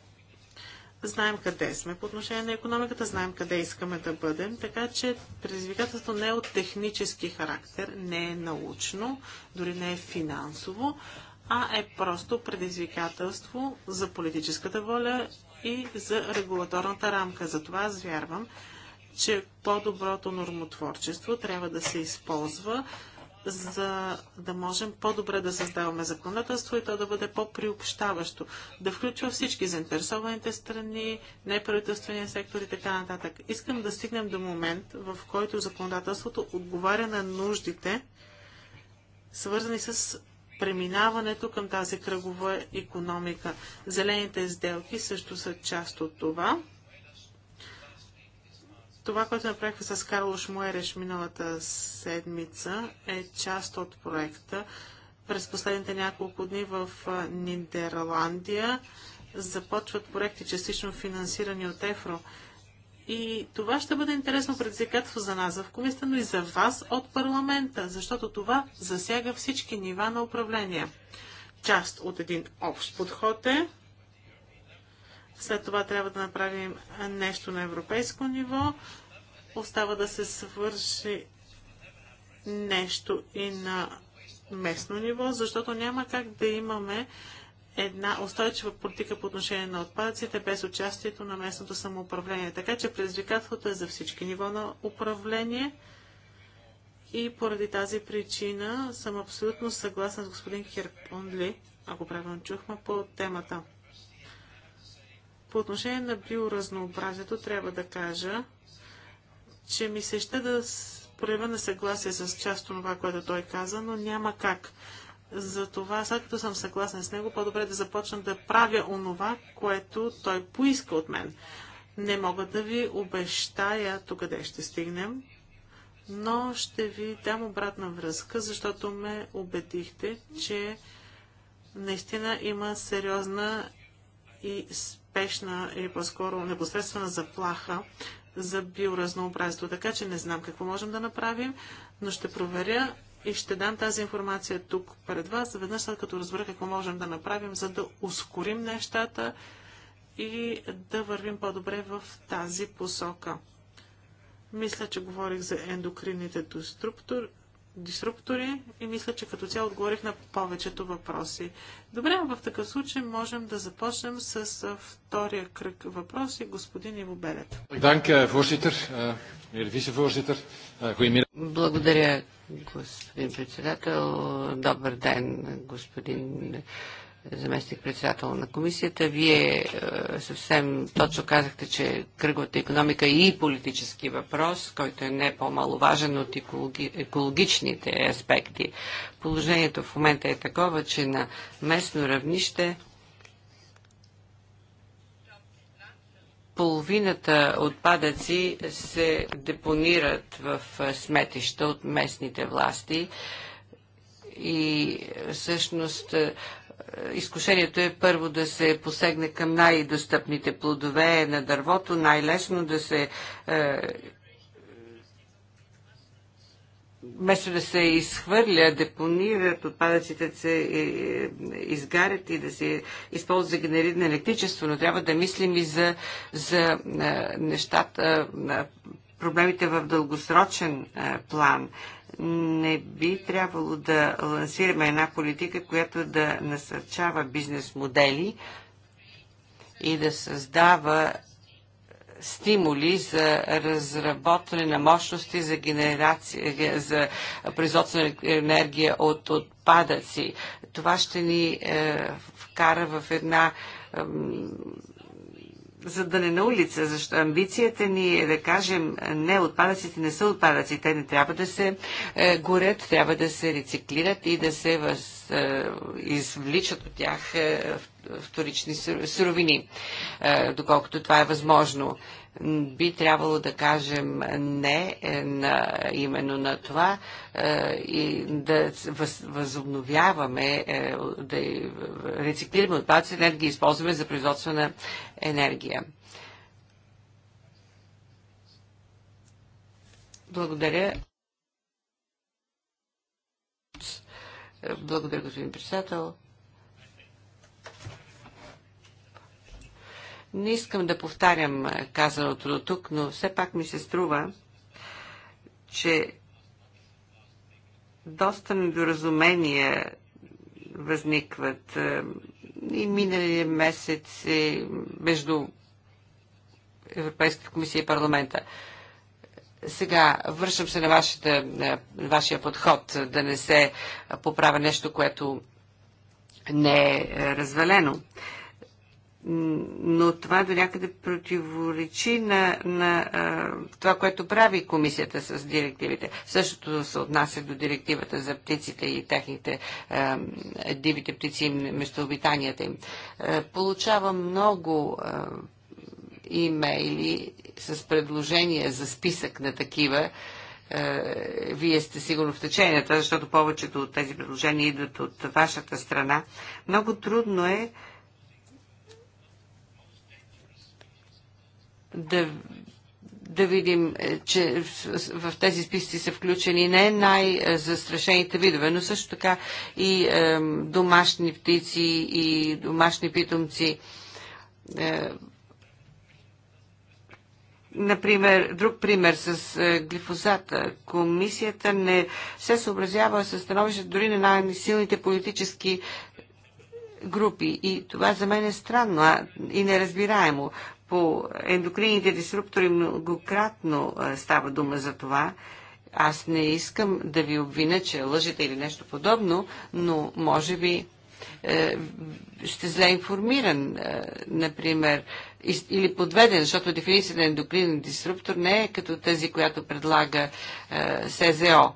Знаем къде сме по отношение на економиката, знаем къде искаме да бъдем, така че предизвикателството не е от технически характер, не е научно, дори не е финансово, а е просто предизвикателство за политическата воля и за регулаторната рамка. Затова аз вярвам, че по-доброто нормотворчество трябва да се използва за да можем по-добре да създаваме законодателство и то да бъде по-приобщаващо, да включва всички заинтересованите страни, неправителствения сектор и така нататък. Искам да стигнем до момент, в който законодателството отговаря на нуждите, свързани с преминаването към тази кръгова економика. Зелените сделки също са част от това. Това, което направихме с Карло Шмуереш миналата седмица, е част от проекта. През последните няколко дни в Нидерландия започват проекти частично финансирани от Ефро. И това ще бъде интересно предизвикателство за нас в комисията, но и за вас от парламента, защото това засяга всички нива на управление. Част от един общ подход е след това трябва да направим нещо на европейско ниво. Остава да се свърши нещо и на местно ниво, защото няма как да имаме една устойчива политика по отношение на отпадъците без участието на местното самоуправление. Така че предизвикателството е за всички нива на управление. И поради тази причина съм абсолютно съгласна с господин Хирпундли, ако правилно чухме, по темата. По отношение на биоразнообразието трябва да кажа, че ми се ще да проявя съгласие с част от това, което той каза, но няма как. Затова, след като съм съгласен с него, по-добре да започна да правя онова, което той поиска от мен. Не мога да ви обещая тук къде ще стигнем, но ще ви дам обратна връзка, защото ме убедихте, че наистина има сериозна и спешна и по-скоро непосредствена заплаха за биоразнообразието. Така че не знам какво можем да направим, но ще проверя и ще дам тази информация тук пред вас, веднъж след като разбера какво можем да направим, за да ускорим нещата и да вървим по-добре в тази посока. Мисля, че говорих за ендокринните деструктори, дисруптори и мисля, че като цяло отговорих на повечето въпроси. Добре, в такъв случай можем да започнем с втория кръг въпроси. Господин Иво Белет. Благодаря, господин председател. Добър ден, господин заместник председател на комисията. Вие е, съвсем точно казахте, че кръговата економика е и политически въпрос, който е не по-маловажен от екологичните аспекти. Положението в момента е такова, че на местно равнище половината отпадъци се депонират в е, сметища от местните власти и всъщност е, изкушението е първо да се посегне към най-достъпните плодове на дървото, най-лесно да се е, вместо да се изхвърля, депонират отпадъците, да се е, е, изгарят и да се използват за генериране електричество, но трябва да мислим и за, за нещата, проблемите в дългосрочен план не би трябвало да лансираме една политика, която да насърчава бизнес модели и да създава стимули за разработване на мощности за, генерация, за производство на енергия от отпадъци. Това ще ни е, вкара в една е, за да не на улица, защото амбицията ни е да кажем не, отпадъците не са отпадъци, те не трябва да се е, горят, трябва да се рециклират и да се въз, е, извличат от тях е, вторични суровини, е, доколкото това е възможно би трябвало да кажем не е, на, именно на това е, и да въз, възобновяваме, е, да рециклираме отпадъци, не да ги използваме за производство на енергия. Благодаря. Благодаря, господин председател. Не искам да повтарям е, казаното до тук, но все пак ми се струва, че доста недоразумения възникват. Е, и миналия месец между Европейската комисия и парламента. Сега вършам се на, вашата, на вашия подход, е, да не се поправя нещо, което не е развалено но това до някъде противоречи на, на а, това, което прави комисията с директивите. Същото се отнася до директивата за птиците и техните а, дивите птици и местообитанията им. А, получавам много а, имейли с предложения за списък на такива. вие сте сигурно в течението, защото повечето от тези предложения идват от вашата страна. Много трудно е да, да видим, е, че в, в тези списъци са включени не най-застрашените видове, но също така и е, домашни птици и домашни питомци. Е, Например, друг пример с е, глифозата. Комисията не се съобразява с становището дори на най-силните политически групи. И това за мен е странно и неразбираемо по ендокрините дисруптори многократно става дума за това. Аз не искам да ви обвина, че лъжите или нещо подобно, но може би е, ще зле информиран, е, например, или подведен, защото дефиницията на ендокринен дисруптор не е като тази, която предлага е, СЗО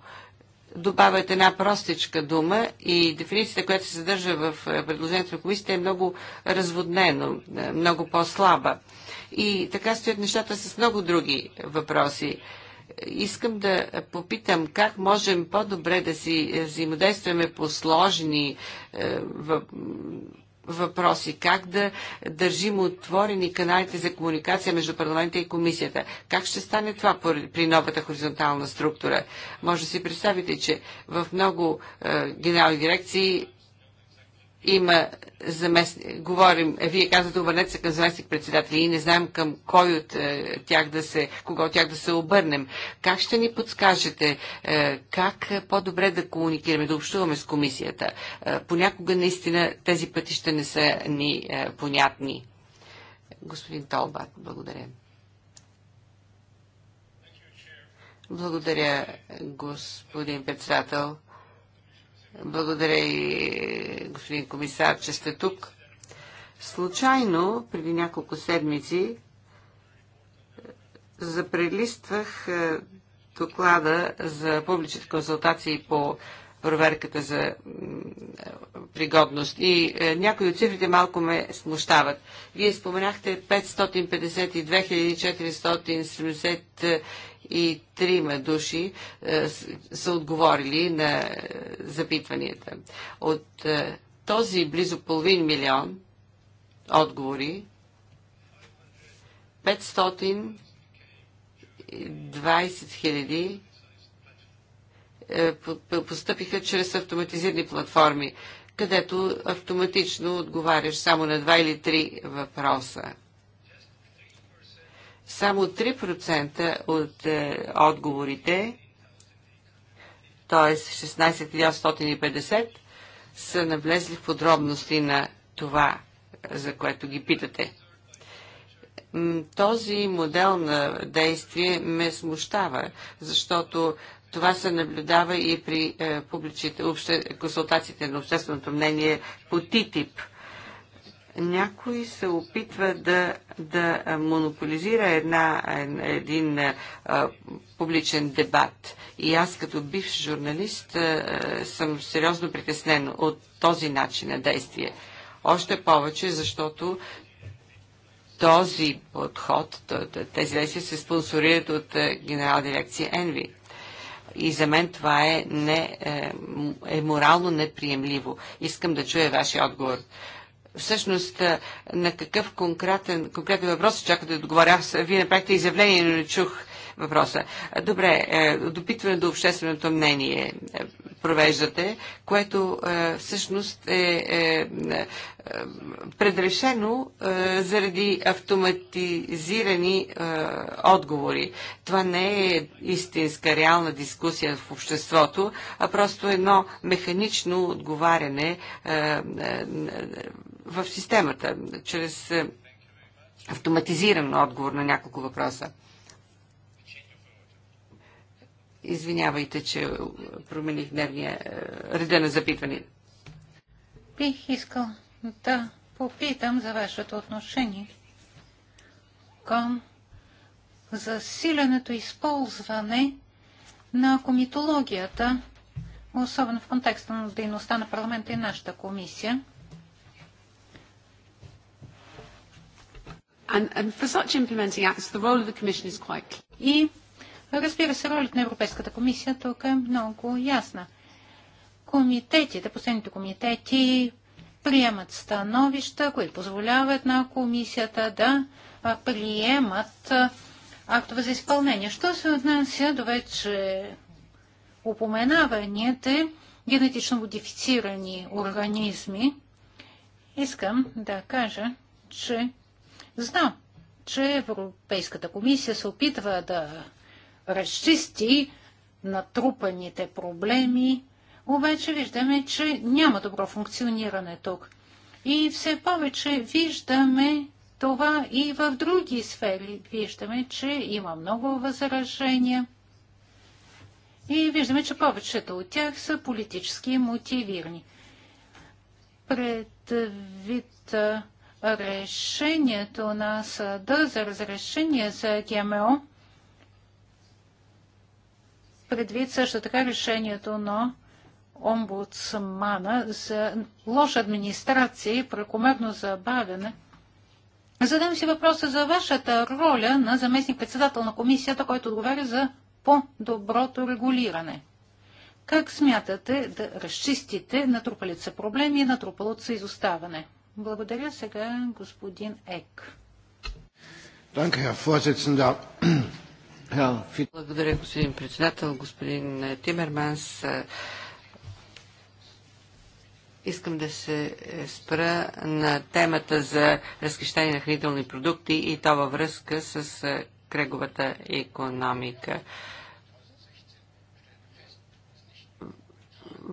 добавят една простичка дума и дефиницията, която се съдържа в е, предложението на комисията е много разводнено, е, много по-слаба. И така стоят нещата с много други въпроси. Искам да попитам как можем по-добре да си е, взаимодействаме по сложни е, въпроси. Как да държим отворени каналите за комуникация между парламента и комисията? Как ще стане това при новата хоризонтална структура? Може да си представите, че в много е, генерални дирекции има заместник, говорим, е, вие казвате, обърнете се към заместник председатели и не знаем към кой от е, тях да се, кого от тях да се обърнем. Как ще ни подскажете? Е, как по-добре да комуникираме, да общуваме с комисията? понякога наистина тези пътища не са ни понятни. Господин Толбат, благодаря. Благодаря, господин председател. Благодаря и господин комисар, че сте тук. Случайно, преди няколко седмици, запрелиствах е, доклада за публичните консултации по проверката за пригодност. И е, някои от цифрите малко ме смущават. Вие споменахте 552 470 и трима души е, са отговорили на е, запитванията. От е, този близо половин милион отговори, 520 хиляди е, постъпиха чрез автоматизирани платформи, където автоматично отговаряш само на два или три въпроса. Само 3% от е, отговорите, т.е. 16150, са навлезли в подробности на това, за което ги питате. Този модел на действие ме смущава, защото това се наблюдава и при е, публичите, обще, консултациите на общественото мнение по ТИТИП – някой се опитва да, да монополизира една, един а, публичен дебат. И аз като бивш журналист а, съм сериозно притеснен от този начин на действие. Още повече, защото този подход, тези действия се спонсорират от генерал дирекция Енви. И за мен това е, не, е, е морално неприемливо. Искам да чуя вашия отговор всъщност на какъв конкретен, конкретен въпрос чака да отговоря. Аз вие направихте изявление, но не чух въпроса. Добре, е, допитване до общественото мнение е, провеждате, което е, всъщност е предрешено заради автоматизирани отговори. Това не е истинска, реална дискусия в обществото, а просто едно механично отговаряне в системата, чрез е, автоматизиран отговор на няколко въпроса. Извинявайте, че промених дневния е, реда на запитване. Бих искал да попитам за вашето отношение към засиленото използване на комитологията, особено в контекста на дейността на парламента и нашата комисия – And, and for such implementing acts, the role of the Commission is quite clear. И разбира се, ролята на Европейската комисия тук е много ясна. Комитетите, последните комитети приемат становища, които позволяват на комисията да приемат актове за изпълнение. Що се отнася до вече упоменаваните генетично модифицирани организми, искам да кажа, че Знам, че Европейската комисия се опитва да разчисти натрупаните проблеми, обаче виждаме, че няма добро функциониране тук. И все повече виждаме това и в други сфери. Виждаме, че има много възражения. И виждаме, че повечето от тях са политически мотивирани. Предвид решението на съда за разрешение за ГМО, предвид също така решението на омбудсмана за лоша администрация и прекомерно забавяне. Задам си въпроса за вашата роля на заместник-председател на комисията, който отговаря за по-доброто регулиране. Как смятате да разчистите натрупалица проблеми и натрупалото изоставане? Благодаря сега господин Ек. Благодаря, господин председател, господин Тимерманс. Искам да се спра на темата за разхищение на хранителни продукти и то във връзка с креговата економика.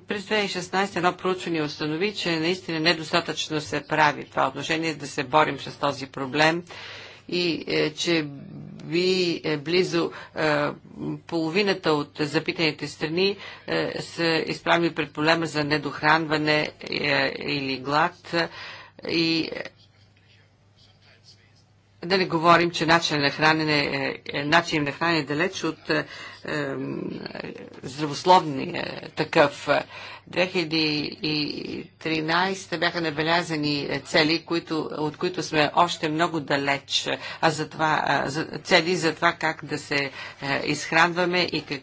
През 2016 едно проучване установи, че наистина недостатъчно се прави това отношение да се борим с този проблем и е, че би е, близо е, половината от запитаните страни е, са изправили пред проблема за недохранване е, или глад е, и да не говорим, че начин на хранене, е, е, начин на хранене е далеч от е, е здравословния такъв. 2013 бяха набелязани цели, които, от които сме още много далеч, а за това, за, цели за това как да се изхранваме и как,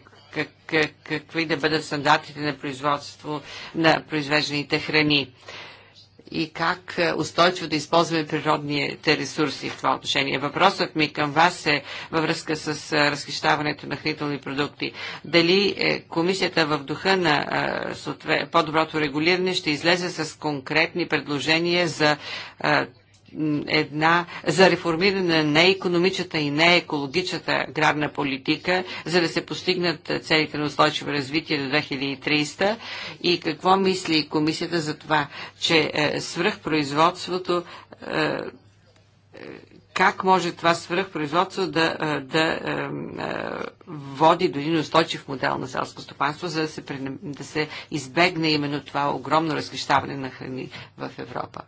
какви да бъдат стандартите на производство на произвежданите храни и как е, устойчиво да използваме природните ресурси в това отношение. Въпросът ми към вас е във връзка с е, разхищаването на хранителни продукти. Дали е, комисията в духа на по-доброто регулиране ще излезе с конкретни предложения за една, за реформиране на економичната и не екологичната политика, за да се постигнат целите на устойчиво развитие до 2300 и какво мисли комисията за това, че е, свръхпроизводството е, е, как може това свръхпроизводство да, да води до един устойчив модел на селско стопанство, за да се, да се избегне именно това огромно разхищаване на храни в Европа.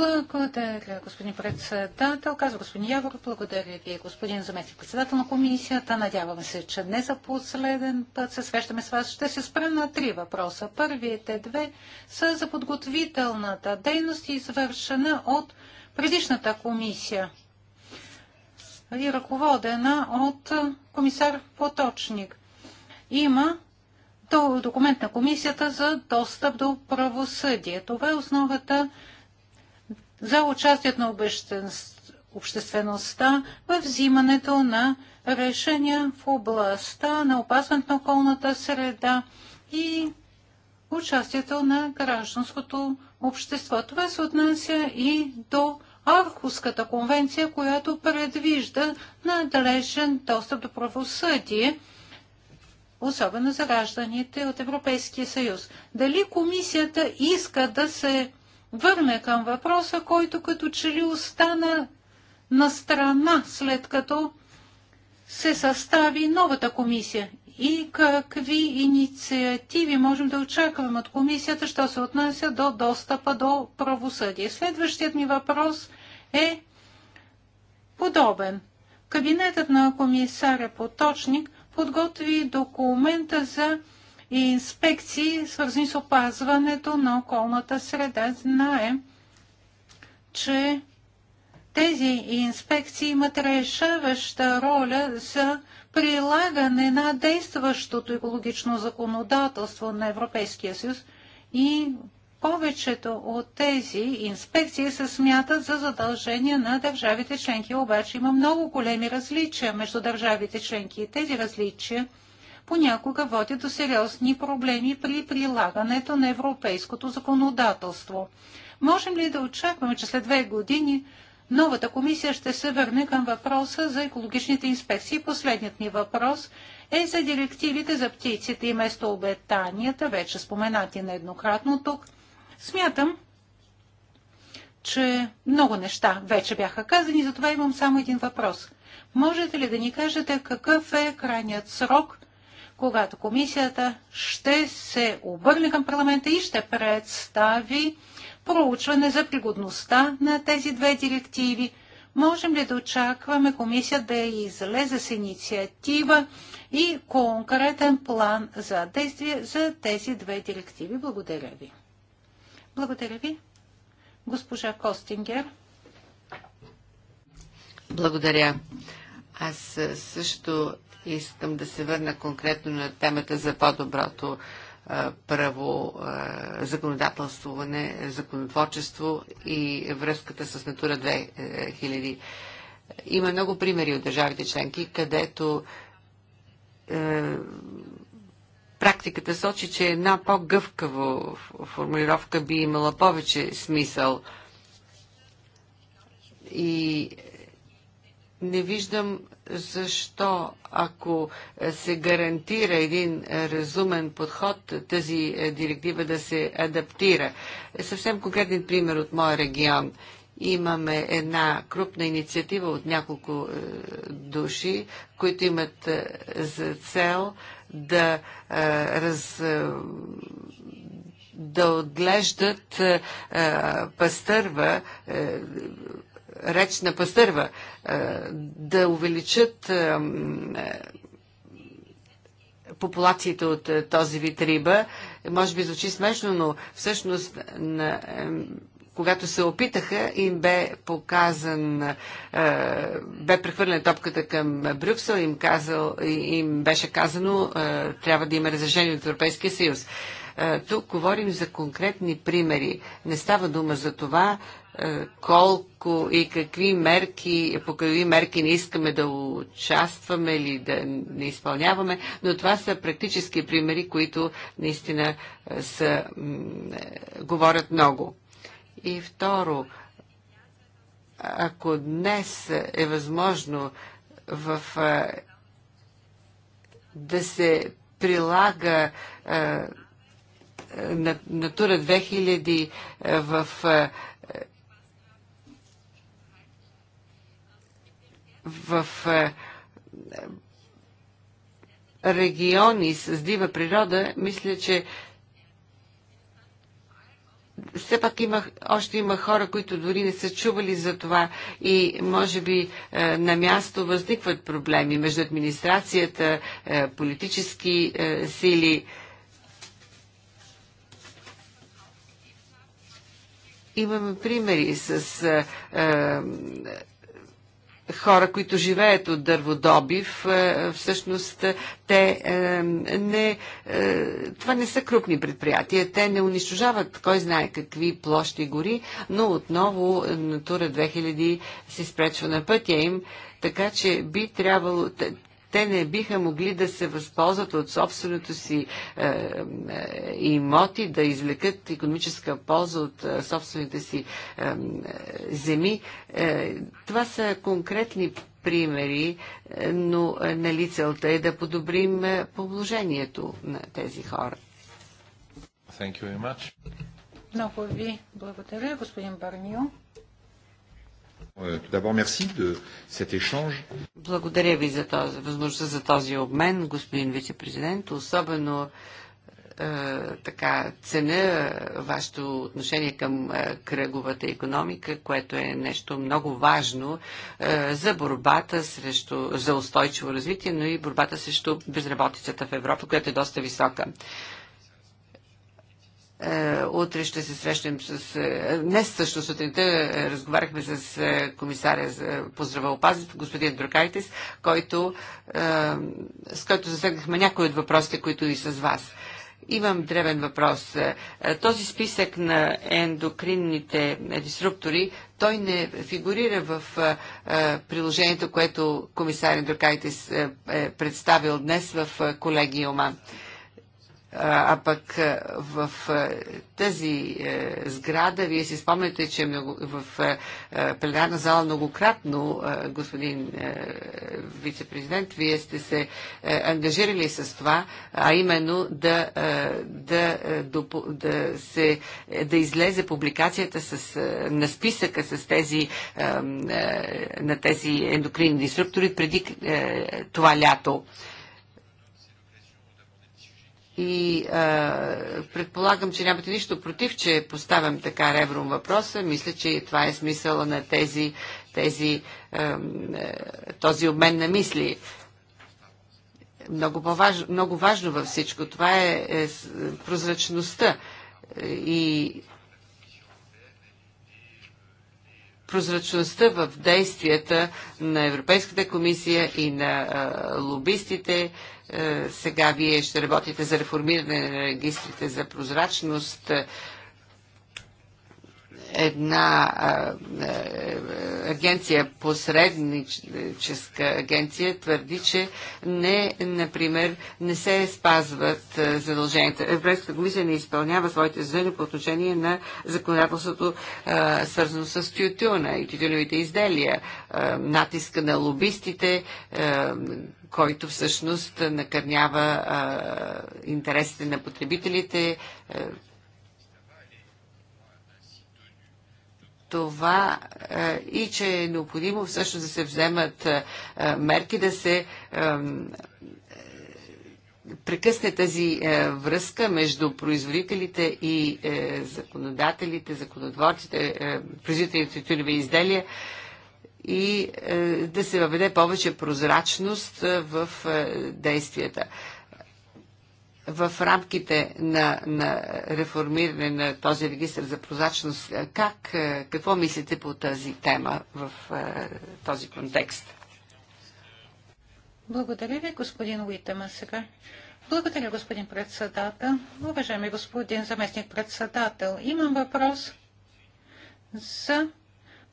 Благодаря, господин председател. Казва господин Явор. Благодаря ви, господин заместник председател на комисията. Надявам се, че не за последен път се срещаме с вас. Ще се спра на три въпроса. Първите две са за подготвителната дейност, извършена от предишната комисия и ръководена от комисар Поточник. Има документ на комисията за достъп до правосъдие. Това е основата за участие на обществеността в взимането на решения в областта на опазването на околната среда и участието на гражданското общество. Това се отнася и до Архуската конвенция, която предвижда надлежен достъп до правосъдие, особено за гражданите от Европейския съюз. Дали комисията иска да се върне към въпроса, който като че ли остана на страна, след като се състави новата комисия и какви инициативи можем да очакваме от комисията, що се отнася до достъпа до правосъдие. Следващият ми въпрос е подобен. Кабинетът на комисаря Поточник подготви документа за и инспекции, свързани с опазването на околната среда. Знаем, че тези инспекции имат решаваща роля за прилагане на действащото екологично законодателство на Европейския съюз и повечето от тези инспекции се смятат за задължения на държавите членки, обаче има много големи различия между държавите членки и тези различия – понякога водят до сериозни проблеми при прилагането на европейското законодателство. Можем ли да очакваме, че след две години новата комисия ще се върне към въпроса за екологичните инспекции? Последният ни въпрос е за директивите за птиците и местообетанията, вече споменати нееднократно тук. Смятам, че много неща вече бяха казани, затова имам само един въпрос. Можете ли да ни кажете какъв е крайният срок – когато комисията ще се обърне към парламента и ще представи проучване за пригодността на тези две директиви. Можем ли да очакваме комисия да излезе с инициатива и конкретен план за действие за тези две директиви? Благодаря ви. Благодаря ви. Госпожа Костингер. Благодаря. Аз също Искам да се върна конкретно на темата за по-доброто право, законодателствуване, законотворчество и връзката с Натура 2000. Има много примери от държавите членки, където е, практиката сочи, че една по-гъвкава формулировка би имала повече смисъл. И не виждам защо ако се гарантира един разумен подход, тази е, директива да се адаптира. Е, съвсем конкретен пример от моя регион. Имаме една крупна инициатива от няколко е, души, които имат за цел да раз да отглеждат пастърва реч на пастърва, е, да увеличат е, е, популациите от този вид риба. Може би звучи смешно, но всъщност на, когато се опитаха, им бе показан, бе прехвърлена топката към Брюксел, им, казал, им беше казано, трябва да има разрешение от Европейския съюз. Тук говорим за конкретни примери. Не става дума за това е, колко и какви мерки, по какви мерки не искаме да участваме или да не изпълняваме, но това са практически примери, които наистина е, са, е, говорят много. И второ, ако днес е възможно в, да се прилага Натура 2000 в в е, е, региони с дива природа, мисля, че все пак има, още има хора, които дори не са чували за това и може би е, на място възникват проблеми между администрацията, е, политически е, сили. Имаме примери с е, хора, които живеят от дърводобив, е, всъщност е, те е, не... Това не са крупни предприятия. Те не унищожават кой знае какви площи гори, но отново Натура 2000 се спречва на пътя им, така че би трябвало те не биха могли да се възползват от собственото си е, е имоти, да извлекат економическа полза от е, собствените си е, е, земи. Е, това са конкретни примери, е, но нали целта е да подобрим положението на тези хора. Thank you very much. Много ви благодаря, господин Барнио. Euh, Благодаря ви за този, възможността за този обмен, господин вице-президент. Особено е, така ценя е, вашето отношение към е, кръговата економика, което е нещо много важно за борбата срещу, за устойчиво развитие, но и борбата срещу безработицата в Европа, която е доста висока. Е, утре ще се срещнем с... Е, днес също сутринта е, разговаряхме с комисаря по здравеопазването, господин Друкайтис, който, с който засегнахме някои от въпросите, които и с вас. Имам древен въпрос. Този списък на ендокринните дисруптори, той не фигурира в приложението, което комисар Дрокайтес е представил днес в колегиума. Оман. А пък в тази е, сграда, вие си спомняте, че много, в пленарна зала многократно, господин е, вице-президент, вие сте се е, ангажирали с това, а именно да, да, да, да, се, да излезе публикацията с, на списъка с тези, на тези ендокринни дисруптори преди това лято и а, предполагам, че нямате нищо против, че поставям така ребром въпроса. Мисля, че това е смисъла на тези, тези, а, е, този обмен на мисли. Много, много важно във всичко това е, е прозрачността и прозрачността в действията на Европейската комисия и на а, лобистите. А, е, сега вие ще работите за реформиране на регистрите за прозрачност, една е, е, агенция, посредническа агенция, твърди, че не, например, не се спазват е, задълженията. Европейската комисия не изпълнява своите задължения по отношение на законодателството, свързано с тютюна и тютюновите изделия, натиска на лобистите, който всъщност накърнява интересите на потребителите, това е, и че е необходимо всъщност да се вземат е, е, мерки, да се прекъсне тази връзка между производителите и законодателите, законотворците, производителите и тютюневи изделия и да се въведе повече прозрачност в действията в рамките на, на реформиране на този регистр за прозрачност, е, как, е, какво мислите по тази тема в е, този контекст? Благодаря ви, господин Уитема, сега. Благодаря, господин председател. Уважаеми господин заместник председател, имам въпрос за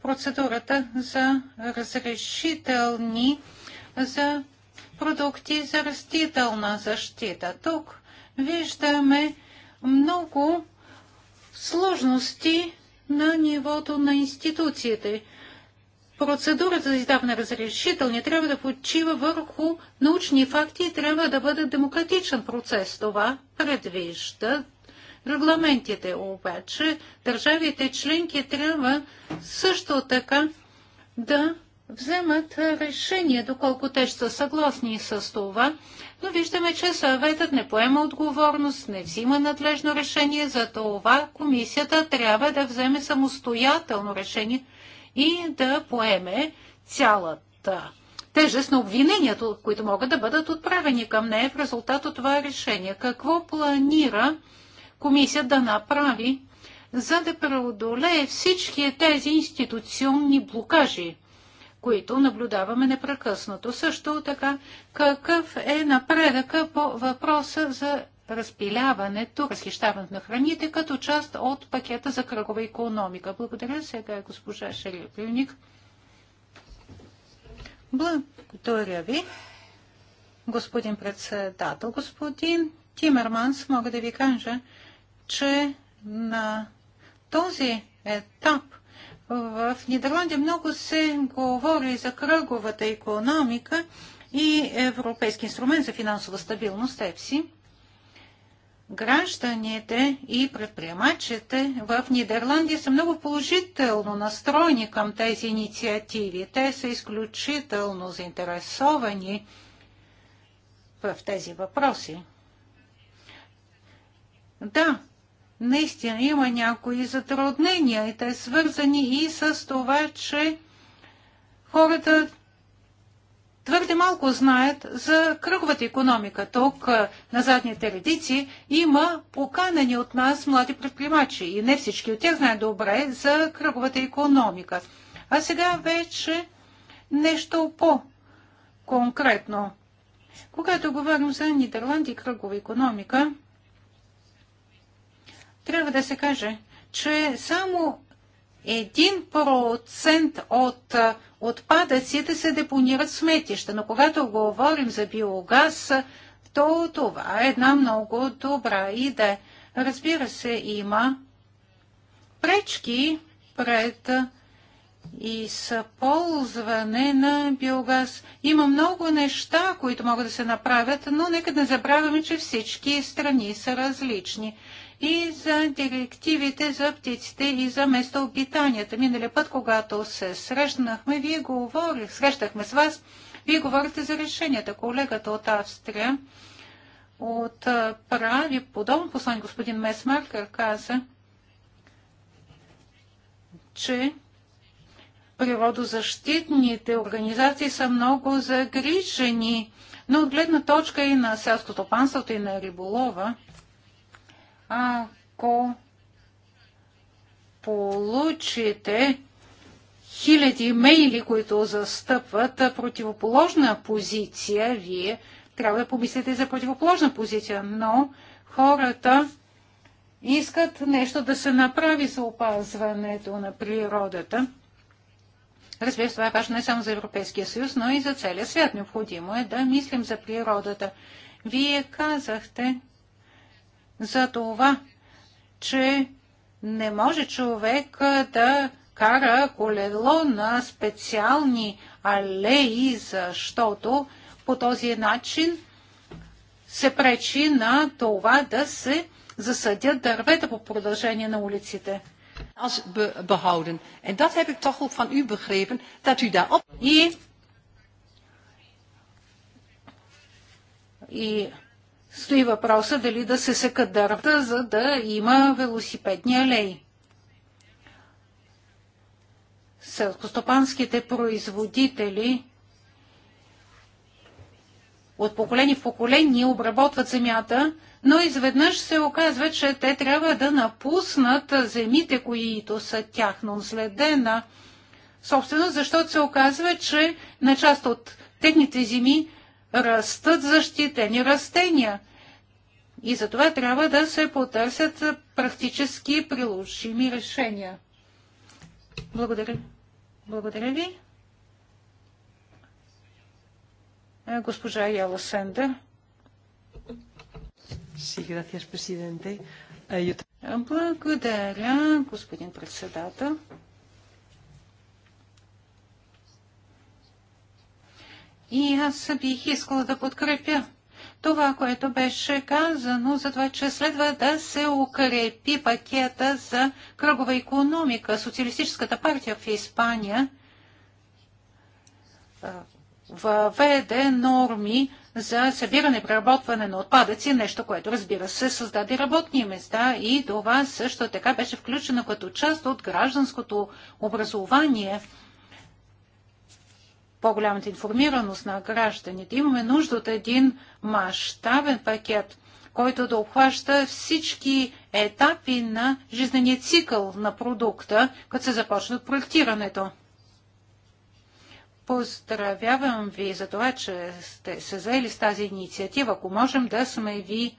процедурата за разрешителни за продукти за растителна защита. Тук виждаме много сложности на нивото на институциите. Процедурата за издаване разрешителни трябва да почива върху научни факти и трябва да бъде демократичен процес. Това предвижда регламентите. Обаче държавите членки трябва също така да вземат решение, доколко те ще са съгласни с това, но виждаме, че съветът не поема отговорност, не взима надлежно решение, за това комисията трябва да вземе самостоятелно решение и да поеме цялата тежест на обвинението, които могат да бъдат отправени към нея в резултат от това решение. Какво планира комисията да направи, за да преодолее всички тези институционни блокажи? които наблюдаваме непрекъснато. Също така, какъв е напредъка по въпроса за разпиляването, разхищаването на храните като част от пакета за кръгова економика. Благодаря сега е госпожа Шелепилник. Благодаря ви, господин председател. Господин Тимерманс, мога да ви кажа, че на този етап в Нидерландия много се говори за кръговата економика и Европейски инструмент за финансова стабилност ЕПСИ. Гражданите и предприемачите в Нидерландия са много положително настроени към тези инициативи. Те са изключително заинтересовани в тези въпроси. Да, наистина има някои затруднения и те свързани и с това, че хората твърде малко знаят за кръговата економика. Тук на задните редици има поканени от нас млади предприемачи и не всички от тях знаят добре за кръговата економика. А сега вече нещо по-конкретно. Когато говорим за Нидерланд и кръгова економика, трябва да се каже, че само 1% от отпадъците се депонират в сметища. Но когато говорим за биогаз, то това е една много добра идея. Разбира се, има пречки пред използване на биогаз. Има много неща, които могат да се направят, но нека да не забравяме, че всички страни са различни и за директивите за птиците и за местообитанията. Миналия път, когато се срещнахме, вие говорих, срещахме с вас, вие говорите за решенията. Колегата от Австрия от прави подобно послание. Господин Месмаркер, каза, че природозащитните организации са много загрижени, но от гледна точка и на селското панството и на риболова – ако получите хиляди имейли, които застъпват противоположна позиция, вие трябва да помислите за противоположна позиция, но хората искат нещо да се направи за опазването на природата. Разбира се, това е важно не само за Европейския съюз, но и за целия свят. Необходимо е да мислим за природата. Вие казахте, за това, че не може човек да кара колело на специални алеи, защото по този начин се пречи на това да се засадят дървета по продължение на улиците. И, и стои въпроса дали да се секат дървата, за да има велосипедни алеи. Селскостопанските производители от поколение в поколение обработват земята, но изведнъж се оказва, че те трябва да напуснат земите, които са тяхно следена. Собствено защото се оказва, че на част от техните земи растат защитени растения. И за това трябва да се потърсят практически приложими решения. Благодаря. Благодаря ви. Е, госпожа Яла Сендер. Благодаря, господин председател. И аз бих искала да подкрепя това, което беше казано за това, че следва да се укрепи пакета за кръгова економика. Социалистическата партия в Испания въведе норми за събиране и преработване на отпадъци, нещо, което разбира се създаде работни места и това също така беше включено като част от гражданското образование – по-голямата информираност на гражданите. Имаме нужда от един мащабен пакет, който да обхваща всички етапи на жизнения цикъл на продукта, като се започне от проектирането. Поздравявам ви за това, че сте се заели с тази инициатива. Ако можем да сме ви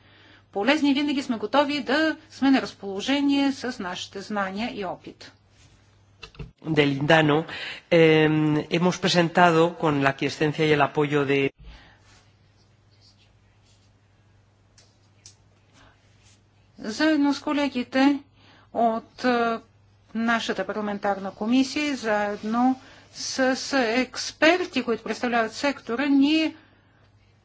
полезни, винаги сме готови да сме на разположение с нашите знания и опит del Indano, eh, hemos presentado con la quiescencia y el apoyo de. Заедно с колегите от е, нашата парламентарна комисия, заедно с експерти, които представляват сектора, ние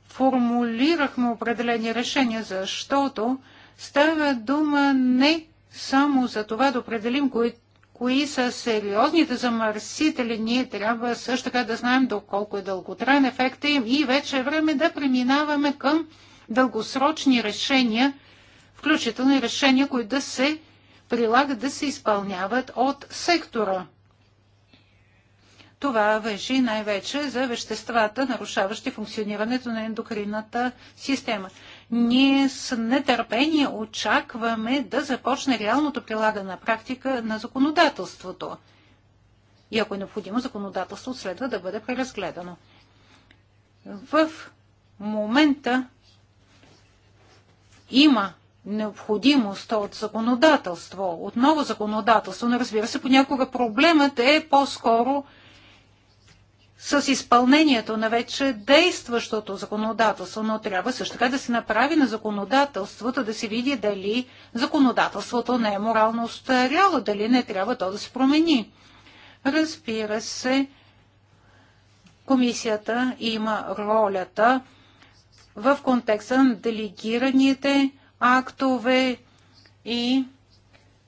формулирахме определени решения, защото става дума не само за това да определим кои кои са сериозните замърсители, ние трябва също така да знаем доколко е дълготраен ефекта им и вече е време да преминаваме към дългосрочни решения, включително и решения, които да се прилагат, да се изпълняват от сектора. Това въжи най-вече за веществата, нарушаващи функционирането на ендокринната система. Ние с нетърпение очакваме да започне реалното прилагане на практика на законодателството. И ако е необходимо, законодателството следва да бъде преразгледано. В момента има необходимост от законодателство, отново законодателство, но разбира се, понякога проблемът е по-скоро с изпълнението на вече действащото законодателство, но трябва също така да се направи на законодателството, да се види дали законодателството не е морално устаряло, дали не трябва то да се промени. Разбира се, комисията има ролята в контекста на делегираните актове и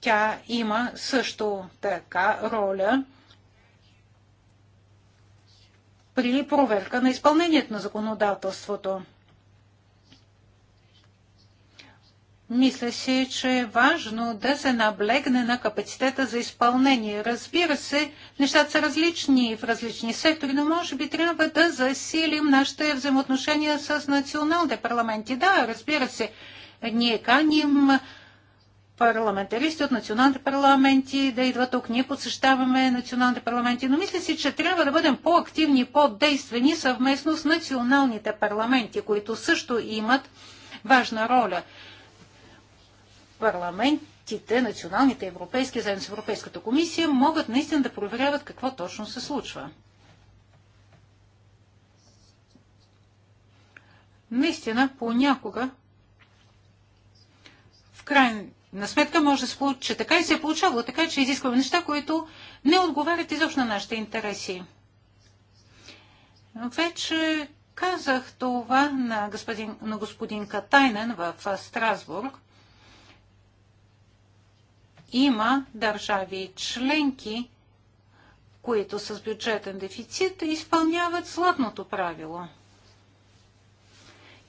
тя има също така роля при проверка на изпълнението на законодателството. Мисля си, че е важно да се наблегне на капацитета за изпълнение. Разбира се, нещата са различни в различни сектори, но може би трябва да засилим нашите взаимоотношения с националните парламенти. Да, разбира се, ние каним парламентаристи от националните парламенти да идват тук. Ние посещаваме националните парламенти, но мисля си, че трябва да бъдем по-активни и по-действени съвместно с националните парламенти, които също имат важна роля. Парламентите, националните европейски, заедно с Европейската комисия, могат наистина да проверяват какво точно се случва. Наистина, понякога в крайна на сметка може да се получи така и се е получавало, така че изискваме неща, които не отговарят изобщо на нашите интереси. Вече казах това на господин, на господин Катайнен в Страсбург. Има държави членки, които с бюджетен дефицит изпълняват златното правило.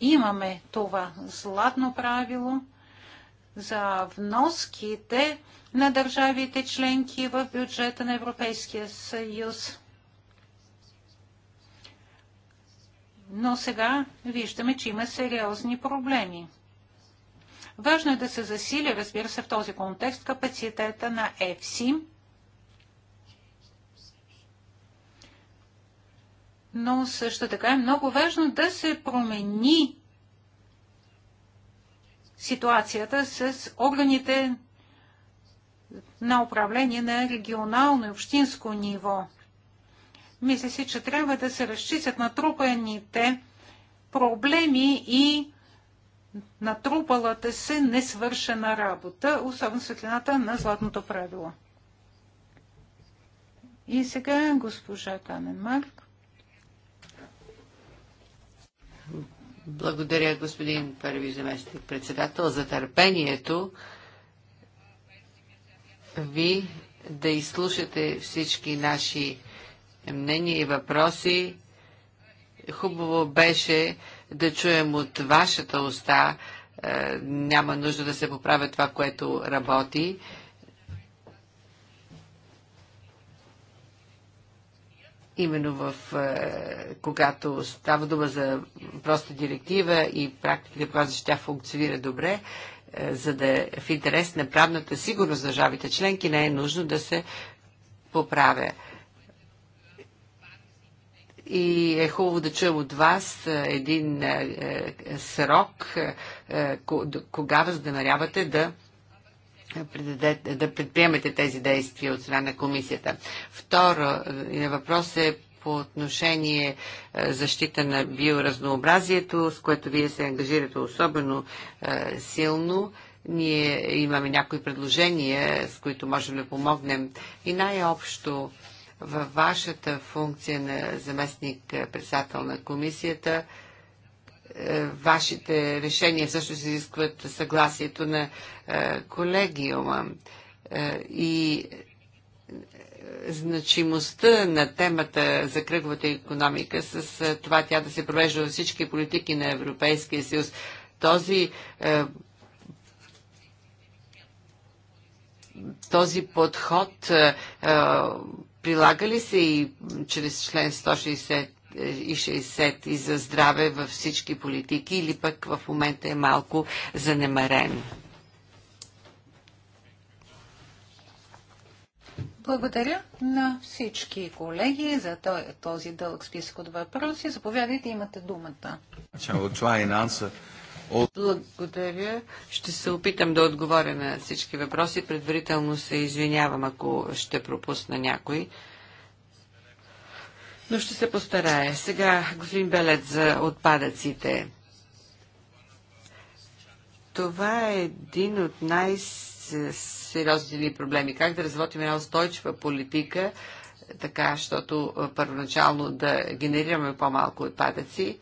Имаме това златно правило – за вноските на държавите членки в бюджета на Европейския съюз. Но сега виждаме, че има сериозни проблеми. Важно е да се засили, разбира се, в този контекст капацитета на ЕФСИ. Но също така е много важно да се промени ситуацията с органите на управление на регионално и общинско ниво. Мисля си, че трябва да се разчистят натрупаните проблеми и натрупалата се несвършена работа, особено светлината на златното правило. И сега госпожа Каненмарк. Благодаря, господин първи заместник председател, за търпението ви да изслушате всички наши мнения и въпроси. Хубаво беше да чуем от вашата уста. Е, няма нужда да се поправя това, което работи. именно в, е, когато става дума за проста директива и практиката, която ще тя функционира добре, е, за да е в интерес на правната сигурност държавите членки, не е нужно да се поправя. И е хубаво да чуем от вас е, един срок, кога възнамерявате да да предприемете тези действия от страна на комисията? Второ, е, въпрос е по отношение е, защита на биоразнообразието, с което вие се ангажирате особено е, силно. Ние имаме някои предложения, с които можем да помогнем. И най-общо във вашата функция на заместник председател на комисията – е, вашите решения всъщност изискват съгласието на е, колегиума. Е, и значимостта на темата за кръговата економика с това тя да се провежда във всички политики на Европейския съюз. Този този подход прилага ли се и чрез член 160 и 60 и за здраве във всички политики или пък в момента е малко занемарен. Благодаря на всички колеги за този дълъг списък от въпроси. Заповядайте, имате думата. Благодаря. Ще се опитам да отговоря на всички въпроси. Предварително се извинявам, ако ще пропусна някой но ще се постарае. Сега, господин Белет, за отпадъците. Това е един от най-сериозните ни проблеми. Как да разработим една устойчива политика, така, защото първоначално да генерираме по-малко отпадъци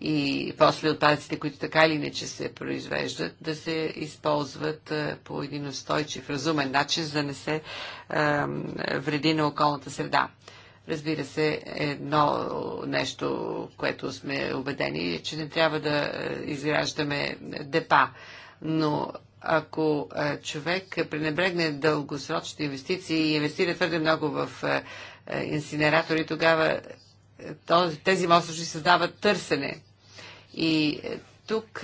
и после отпадъците, които така или иначе се произвеждат, да се използват по един устойчив, разумен начин, за да не се вреди на околната среда. Разбира се, едно нещо, което сме убедени, е, че не трябва да е, изграждаме депа. Но ако е, човек пренебрегне дългосрочните инвестиции и инвестира твърде много в е, инсинератори, тогава тези мостъчни създават търсене. И тук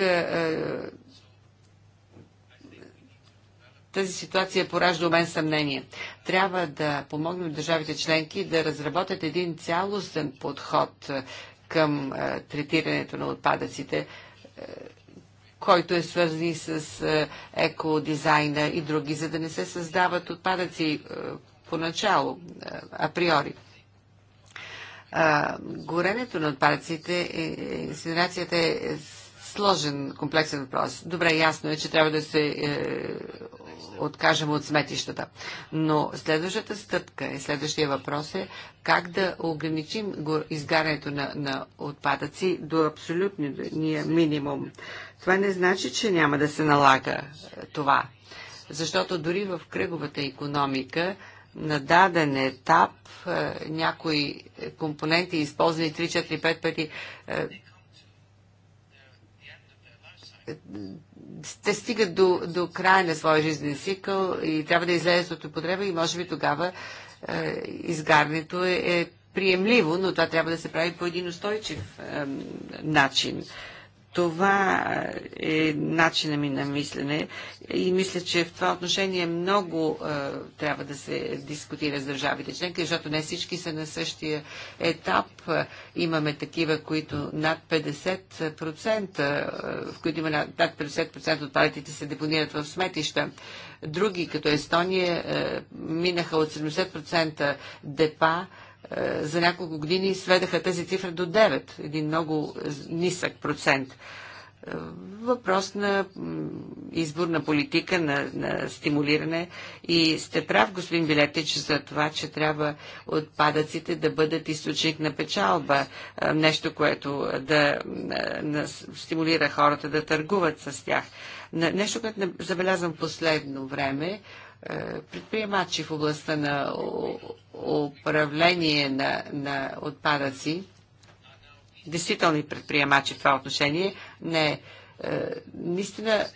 тази ситуация поражда у мен съмнение трябва да помогнем държавите членки да разработят един цялостен подход е, към е, третирането на отпадъците, е, който е свързан и с екодизайна и други, за да не се създават отпадъци поначало, априори. Горенето на отпадъците, инсинерацията е сложен, комплексен въпрос. Добре, ясно е, че трябва да се е, откажем от сметищата. Но следващата стъпка и е, следващия въпрос е как да ограничим изгарянето на, на отпадъци до абсолютния минимум. Това не значи, че няма да се налага е, това. Защото дори в кръговата економика на даден етап е, някои компоненти, използвани 3, 4, 5 пъти, те стигат до, до края на своя жизнен цикъл и трябва да излезат от употреба и може би тогава е, изгарнето е, е приемливо, но това трябва да се прави по един устойчив е, начин. Това е начина ми на мислене и мисля, че в това отношение много е, трябва да се дискутира с държавите членки, защото не всички са на същия етап. Е, имаме такива, които над 50%, е, в които има над 50% от палетите се депонират в сметища. Други, като Естония, е, минаха от 70% депа е, за няколко години сведаха тази цифра до 9, един много нисък процент. Е, въпрос на изборна политика, на, на стимулиране. И сте прав, господин Билетич, за това, че трябва отпадъците да бъдат източник на печалба. Е, нещо, което да стимулира хората да търгуват с тях. Нещо, което забелязвам последно време, предприемачи в областта на управление на, на отпадъци, действителни предприемачи в това отношение, не, е, наистина е,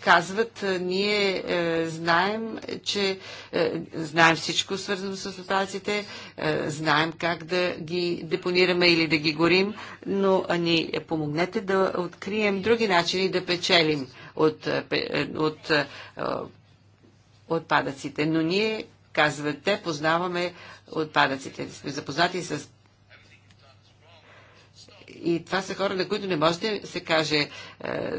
казват, е, ние е, знаем, че е, знаем всичко свързано с отпадъците, е, знаем как да ги депонираме или да ги горим, но ни помогнете да открием други начини да печелим от, е, от, е, от отпадъците. Но ние казват те, познаваме отпадъците. Сме запознати с и това са хора, на които не може да се каже е,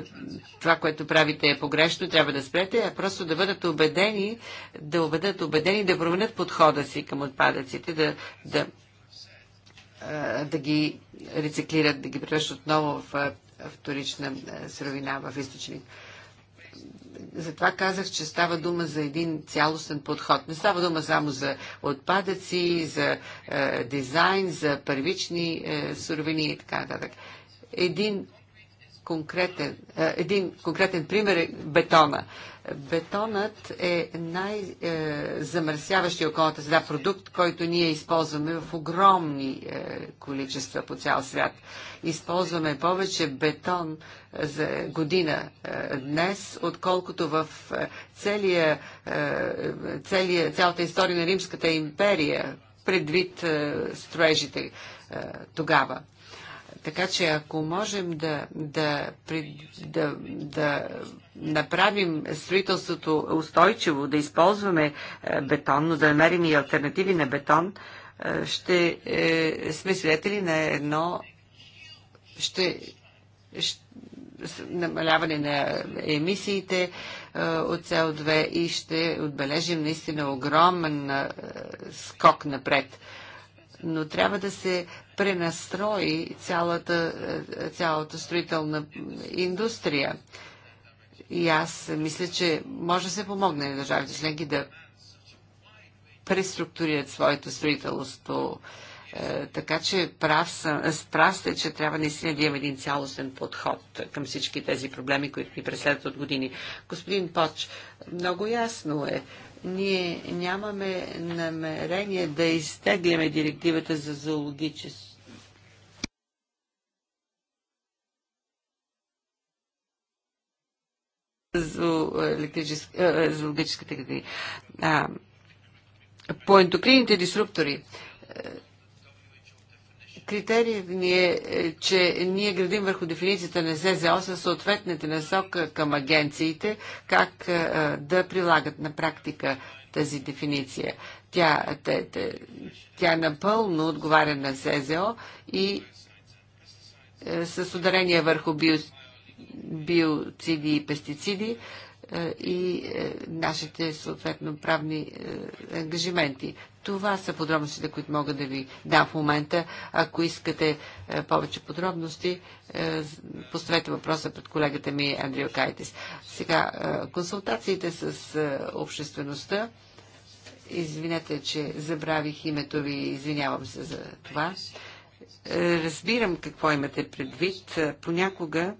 това, което правите е погрешно, трябва да спрете, а просто да бъдат убедени, да бъдат убедени, да променят подхода си към отпадъците, да, да, е, да ги рециклират, да ги превръщат отново в, е, вторична суровина, в източник затова казах, че става дума за един цялостен подход. Не става дума само за отпадъци, за е, дизайн, за първични е, суровини и така нататък. Един конкретен, е, един конкретен пример е бетона. Е, Бетонът е най-замърсяващия е, околната среда продукт, който ние използваме в огромни е, количества по цял свят. Използваме повече бетон за година е, днес, отколкото в целия, целия, цялата история на Римската империя, предвид строежите тогава. Така че ако можем да, да, да, да направим строителството устойчиво, да използваме е, бетон, но да намерим и альтернативи на бетон, е, ще е, сме свидетели на едно ще, ще намаляване на емисиите е, от СО2 и ще отбележим наистина огромен е, скок напред. Но трябва да се пренастрои цялата, е, цялата строителна индустрия. И аз мисля, че може да се помогне на държавите членки да преструктурират своето строителство. Е, така че прав, съм, е, прав сте, че трябва наистина да имаме един цялостен подход към всички тези проблеми, които ни преследват от години. Господин Поч, много ясно е ние нямаме намерение да изтегляме директивата за зоологически Е, е, зоологическите градини. По ендокрините дисруптори е, критерият ни е, че ние градим върху дефиницията на СЗО със съответните насока към агенциите, как да прилагат на практика тази дефиниция. Тя, тя, тя, тя напълно отговаря на СЗО и с ударение върху биоцидите биоциди и пестициди е, и е, нашите съответно правни е, ангажименти. Това са подробностите, които мога да ви дам в момента. Ако искате повече подробности, поставете въпроса пред колегата ми Андрио Кайтис. Сега, консултациите с обществеността. Извинете, че забравих името ви, извинявам се за това. Разбирам какво имате предвид. Понякога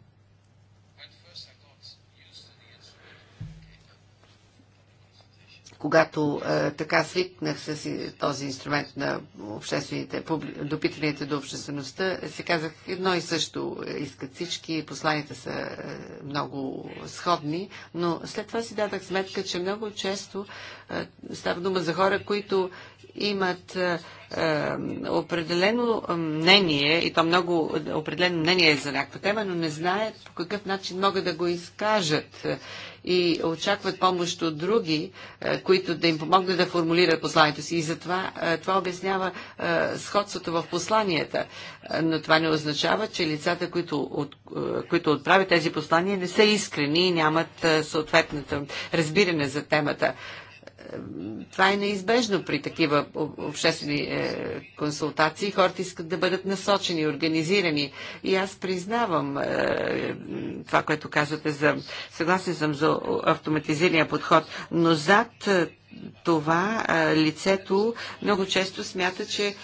когато е, така свикнах с този инструмент на обществените, допитванията до обществеността, се казах едно и също искат всички, посланията са е, много сходни, но след това си дадах сметка, че много често е, става дума за хора, които имат е, е, определено мнение, и то много определено мнение е за някаква тема, но не знаят по какъв начин могат да го изкажат и очакват помощ от други, е, които да им помогнат да формулират посланието си. И затова това обяснява сходството в посланията. Но това не означава, че лицата, които, от, които отправят тези послания, не са искрени и нямат съответната разбиране за темата това е неизбежно при такива обществени е, консултации. Хората искат да бъдат насочени, организирани. И аз признавам е, това, което казвате за... Съгласен съм за автоматизирания подход, но зад е, това лицето много често смята, че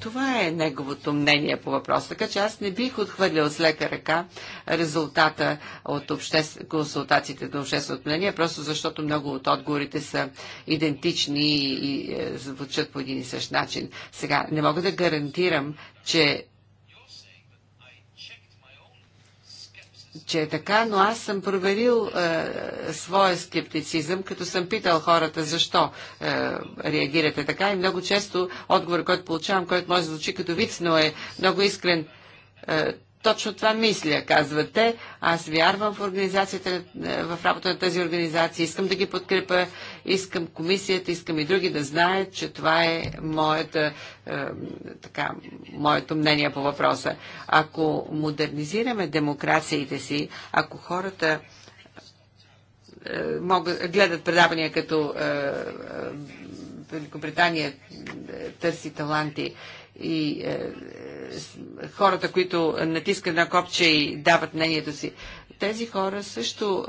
това е неговото мнение по въпроса. Така че аз не бих отхвърлял с лека ръка резултата от обществ... консултациите на общественото мнение, просто защото много от отговорите са идентични и е, звучат по един и същ начин. Сега, не мога да гарантирам, че че е така, но аз съм проверил е, своя скептицизъм, като съм питал хората защо е, реагирате така и много често отговор, който получавам, който може да звучи като вид, но е много искрен. Е, точно това мисля, казват те. Аз вярвам в организацията, е, в работа на тази организация, искам да ги подкрепя Искам комисията, искам и други да знаят, че това е моята, е, така, моето мнение по въпроса. Ако модернизираме демокрациите си, ако хората е, могат, гледат предавания като е, Великобритания търси таланти и е, е, хората, които натискат на копче и дават мнението си тези хора също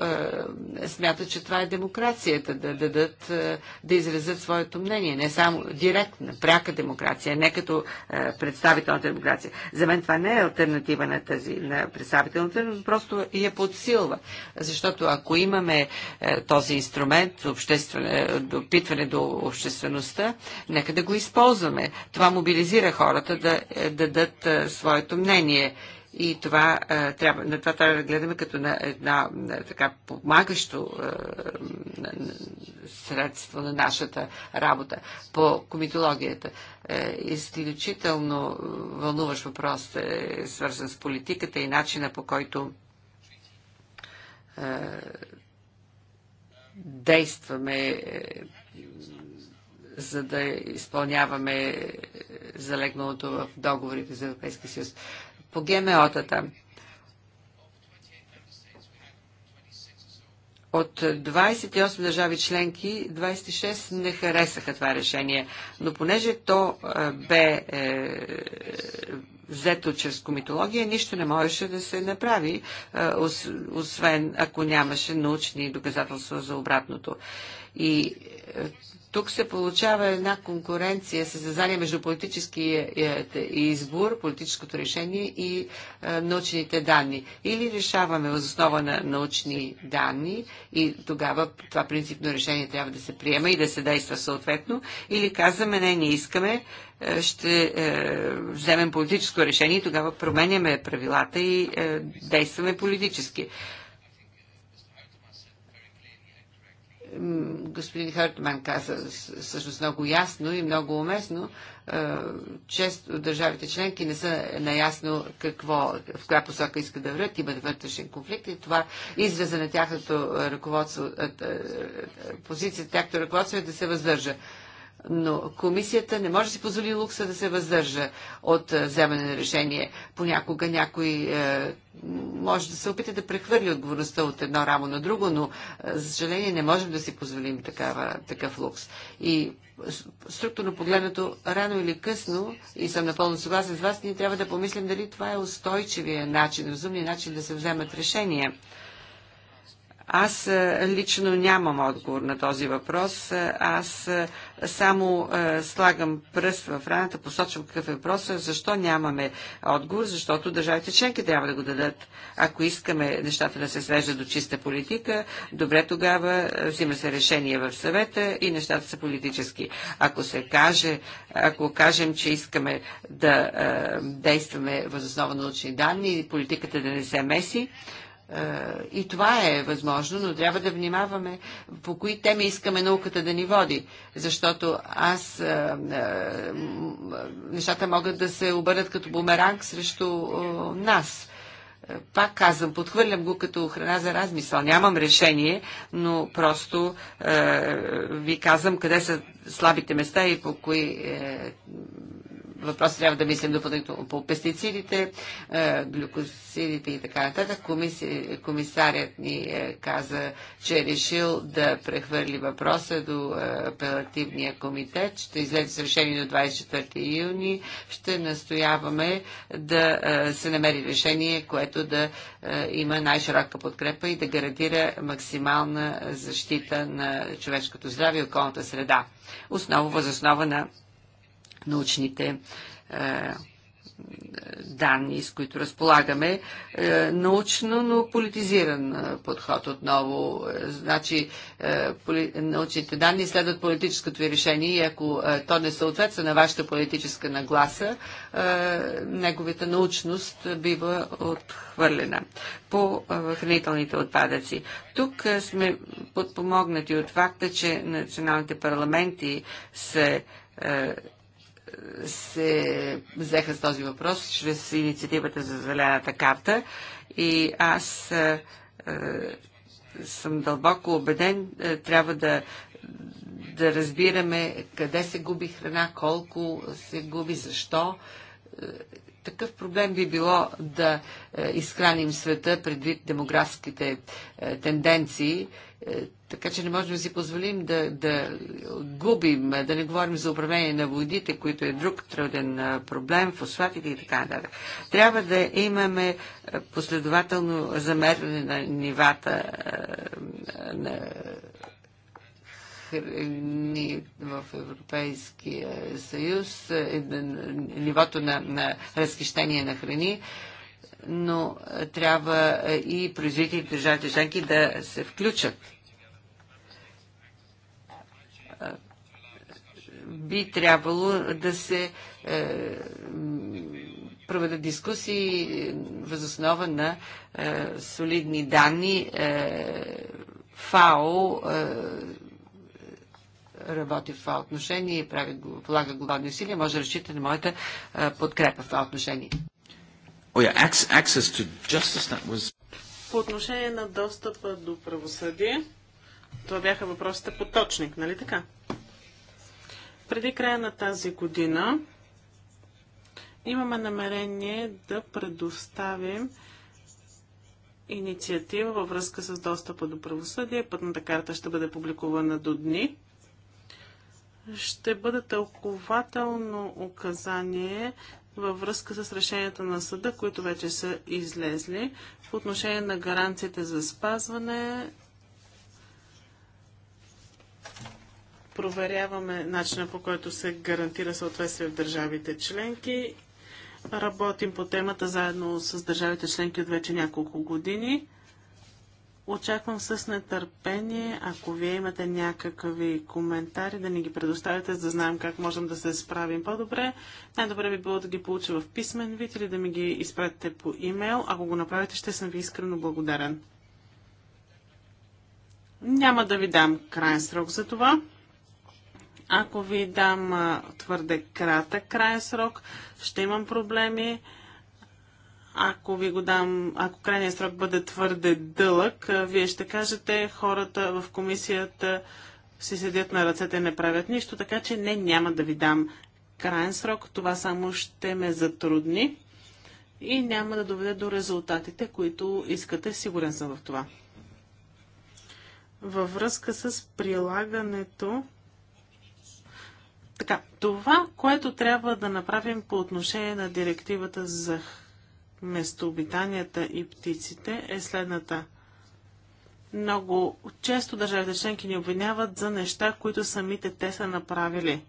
е, смятат, че това е демокрацията, да дадат, е, да изразят своето мнение, не само директна, пряка демокрация, не като е, представителната демокрация. За мен това не е альтернатива на тази, на представителната, но просто я подсилва. Защото ако имаме е, този инструмент, е, допитване до обществеността, нека да го използваме. Това мобилизира хората да, да е, дадат е, своето мнение и това, трябва, на това трябва да гледаме като на една така помагащо средство на нашата работа по комитологията. Е, изключително вълнуващ въпрос е свързан с политиката и начина по който е, действаме за да изпълняваме залегналото в договорите за Европейския съюз по ГМО-тата. От 28 държави членки, 26 не харесаха това решение, но понеже то бе е, взето чрез комитология, нищо не можеше да се направи, освен ако нямаше научни доказателства за обратното. И е, тук се получава една конкуренция, състезание между политически избор, политическото решение и научните данни. Или решаваме възоснова на научни данни и тогава това принципно решение трябва да се приема и да се действа съответно, или казваме не, не искаме, ще вземем политическо решение и тогава променяме правилата и действаме политически. господин Хартман каза всъщност много ясно и много уместно, е, често държавите членки не са наясно какво, в коя посока искат да врат, имат вътрешен конфликт и това израза на тяхното ръководство, е, е, позицията тяхното ръководство е да се въздържа но комисията не може да си позволи лукса да се въздържа от е, вземане на решение. Понякога някой е, може да се опита да прехвърли отговорността от едно рамо на друго, но е, за съжаление не можем да си позволим такава, такъв лукс. И структурно погледнато, рано или късно, и съм напълно съгласен с вас, ние трябва да помислим дали това е устойчивия начин, разумния начин да се вземат решения аз лично нямам отговор на този въпрос. Аз само слагам пръст в раната, посочвам какъв е въпросът, защо нямаме отговор, защото държавите членки трябва да го дадат. Ако искаме нещата да се свеждат до чиста политика, добре тогава взима се решение в съвета и нещата са политически. Ако се каже, ако кажем, че искаме да действаме възоснова научни данни и политиката да не се меси, е, и това е възможно, но трябва да внимаваме по кои теми искаме науката да ни води, защото аз е, е, нещата могат да се обърнат като бумеранг срещу нас пак казвам, подхвърлям го като храна за размисъл. Нямам решение, но просто е, ви казвам къде са слабите места и по кои е, въпросът трябва да мислим допълнително по пестицидите, е, глюкосидите и така нататък. Комиси, комисарят ни е, каза, че е решил да прехвърли въпроса до е, апелативния комитет. Ще излезе с решение до 24 юни. Ще настояваме да се намери решение, което да има най-широка подкрепа и да гарантира максимална защита на човешкото здраве и околната среда. Основа възоснова на научните е, данни, с които разполагаме, е, научно, но политизиран е, подход отново. Значи, научните данни следват политическото ви решение и ако то не съответства на вашата политическа нагласа, неговата научност бива отхвърлена по хранителните отпадъци. Тук сме подпомогнати от факта, че националните парламенти се се взеха с този въпрос чрез инициативата за зелената карта и аз е, е, съм дълбоко убеден, е, трябва да, да разбираме къде се губи храна, колко се губи, защо. Е, такъв проблем би било да е, изхраним света предвид демографските е, тенденции. Така че не можем да си позволим да, да губим, да не говорим за управление на водите, които е друг труден проблем, фосфатите и така нататък. Трябва да имаме последователно замерване на нивата на храни в Европейския съюз, е, е, нивото на, на разхищение на храни но трябва и производителите държавите членки да се включат би трябвало да се е, проведат дискусии е, възоснова на е, солидни данни. ФАО работи в това отношение и прави, полага глобални усилия, може да разчита на моята подкрепа в това отношение. Oh yeah, to justice, that was... По отношение на достъпа до правосъдие, това бяха въпросите по точник, нали така? Преди края на тази година имаме намерение да предоставим инициатива във връзка с достъпа до правосъдие. Пътната карта ще бъде публикувана до дни. Ще бъде тълкователно указание във връзка с решенията на съда, които вече са излезли по отношение на гаранциите за спазване, проверяваме начина по който се гарантира съответствие в държавите членки. Работим по темата заедно с държавите членки от вече няколко години. Очаквам с нетърпение, ако вие имате някакви коментари, да ни ги предоставите, за да знаем как можем да се справим по-добре. Най-добре би било да ги получа в писмен вид или да ми ги изпратите по имейл. Ако го направите, ще съм ви искрено благодарен. Няма да ви дам крайен срок за това. Ако ви дам твърде кратък крайен срок, ще имам проблеми. Ако ви го дам, ако крайният срок бъде твърде дълъг, вие ще кажете, хората в комисията си седят на ръцете и не правят нищо, така че не, няма да ви дам крайен срок. Това само ще ме затрудни и няма да доведе до резултатите, които искате. Сигурен съм в това. Във връзка с прилагането така, това, което трябва да направим по отношение на директивата за местообитанията и птиците е следната. Много често държавите членки ни обвиняват за неща, които самите те са направили.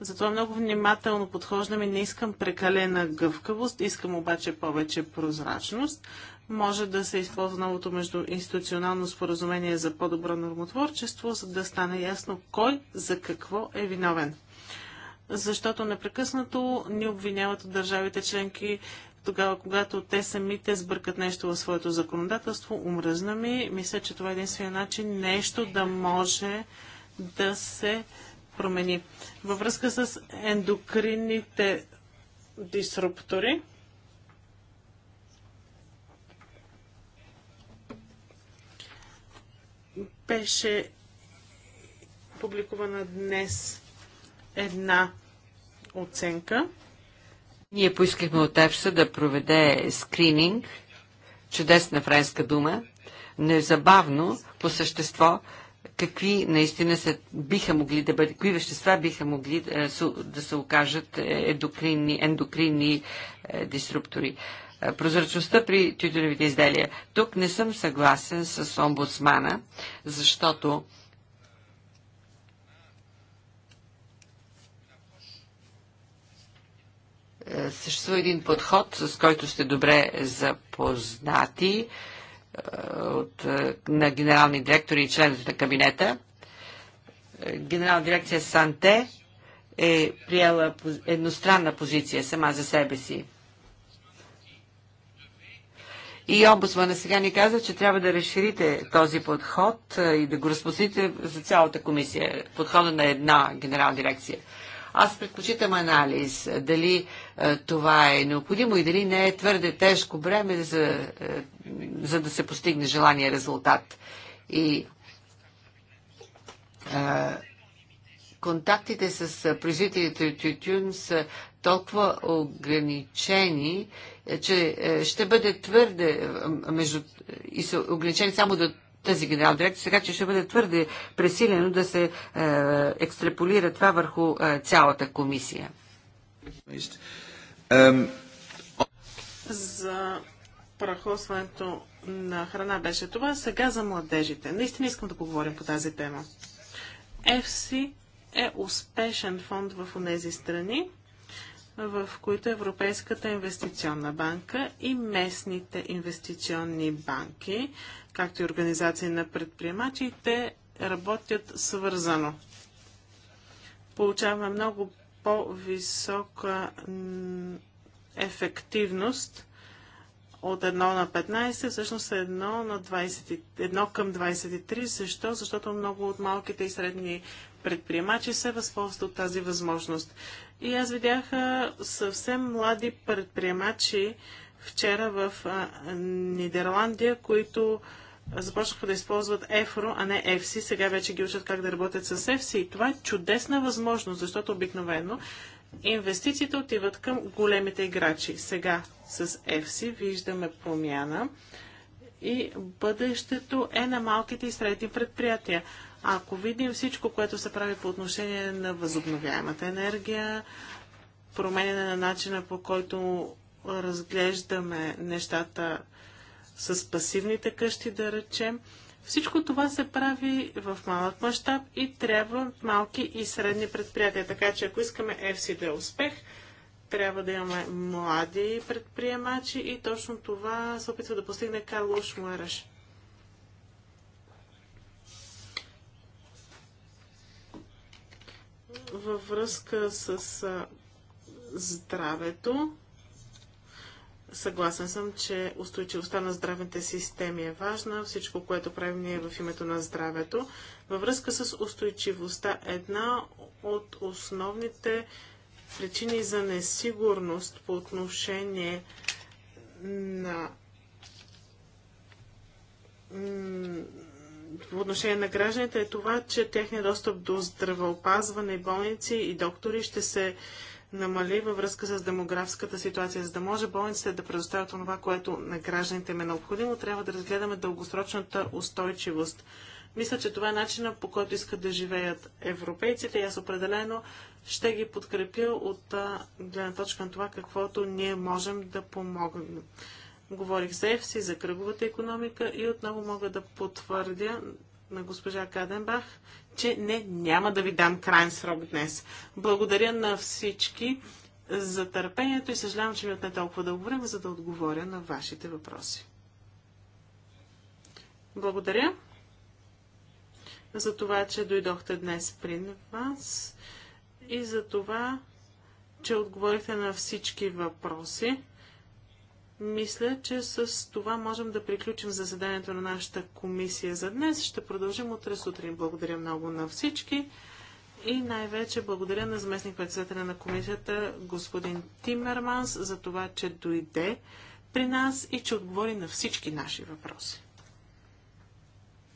Затова много внимателно подхождам и не искам прекалена гъвкавост, искам обаче повече прозрачност може да се използва новото междуинституционално споразумение за по-добро нормотворчество, за да стане ясно кой за какво е виновен. Защото непрекъснато ни обвиняват от държавите членки тогава, когато те самите сбъркат нещо в своето законодателство, умръзна ми. Мисля, че това е единствения начин нещо да може да се промени. Във връзка с ендокринните дисруптори, беше публикувана днес една оценка. Ние поискахме от ЕФСА да проведе скрининг, чудесна френска дума, незабавно, по същество, какви наистина са, биха могли да бъде, какви вещества биха могли е, да, се окажат е, ендокринни, ендокринни е, прозрачността при тютюневите изделия. Тук не съм съгласен с омбудсмана, защото е, съществува един подход, с който сте добре запознати е, от, е, на генерални директори и членовете на кабинета. Генерална дирекция Санте е приела едностранна позиция сама за себе си. И омбудсмана сега ни каза, че трябва да разширите този подход и да го разпустите за цялата комисия, подхода на една генерална дирекция. Аз предпочитам анализ, дали е, това е необходимо и дали не е твърде тежко бреме, за, е, за да се постигне желания резултат. И е, контактите с производителите от тютюн са толкова ограничени, е, че е, ще бъде твърде е, между, и са ограничени само до тази генерална дирекция, така че ще бъде твърде пресилено да се е, екстраполира това върху е, цялата комисия. За прахосването на храна беше това. Сега за младежите. Наистина искам да поговорим по тази тема. FC е успешен фонд в тези страни, в които Европейската инвестиционна банка и местните инвестиционни банки, както и организации на предприемачите, работят свързано. Получаваме много по-висока ефективност от 1 на 15, всъщност е 1, на 20, 1 към 23. Защо? Защото много от малките и средни предприемачи се възползват от тази възможност. И аз видях съвсем млади предприемачи вчера в Нидерландия, които започнаха да използват Ефро, а не Ефси. Сега вече ги учат как да работят с ЕФСИ. И това е чудесна възможност, защото обикновено инвестициите отиват към големите играчи. Сега с Ефси, виждаме промяна и бъдещето е на малките и средни предприятия. Ако видим всичко, което се прави по отношение на възобновяемата енергия, променяне на начина по който разглеждаме нещата с пасивните къщи, да речем, всичко това се прави в малък мащаб и трябва малки и средни предприятия. Така че ако искаме FC да е успех, трябва да имаме млади предприемачи и точно това се опитва да постигне Карлош Муереш. във връзка с здравето. Съгласен съм, че устойчивостта на здравните системи е важна. Всичко, което правим ние е в името на здравето. Във връзка с устойчивостта, една от основните причини за несигурност по отношение на в отношение на гражданите е това, че техният достъп до здравеопазване, болници и доктори ще се намали във връзка с демографската ситуация. За да може болниците да предоставят това, което на гражданите им е необходимо, трябва да разгледаме дългосрочната устойчивост. Мисля, че това е начина по който искат да живеят европейците и аз определено ще ги подкрепя от гледна точка на това, каквото ние можем да помогнем. Говорих за ЕФСИ, за кръговата економика и отново мога да потвърдя на госпожа Каденбах, че не, няма да ви дам крайен срок днес. Благодаря на всички за търпението и съжалявам, че ми отне толкова дълго време, за да отговоря на вашите въпроси. Благодаря за това, че дойдохте днес при вас и за това, че отговорихте на всички въпроси. Мисля, че с това можем да приключим заседанието на нашата комисия за днес. Ще продължим утре сутрин. Благодаря много на всички и най-вече благодаря на заместник председателя на комисията господин Тимерманс за това, че дойде при нас и че отговори на всички наши въпроси.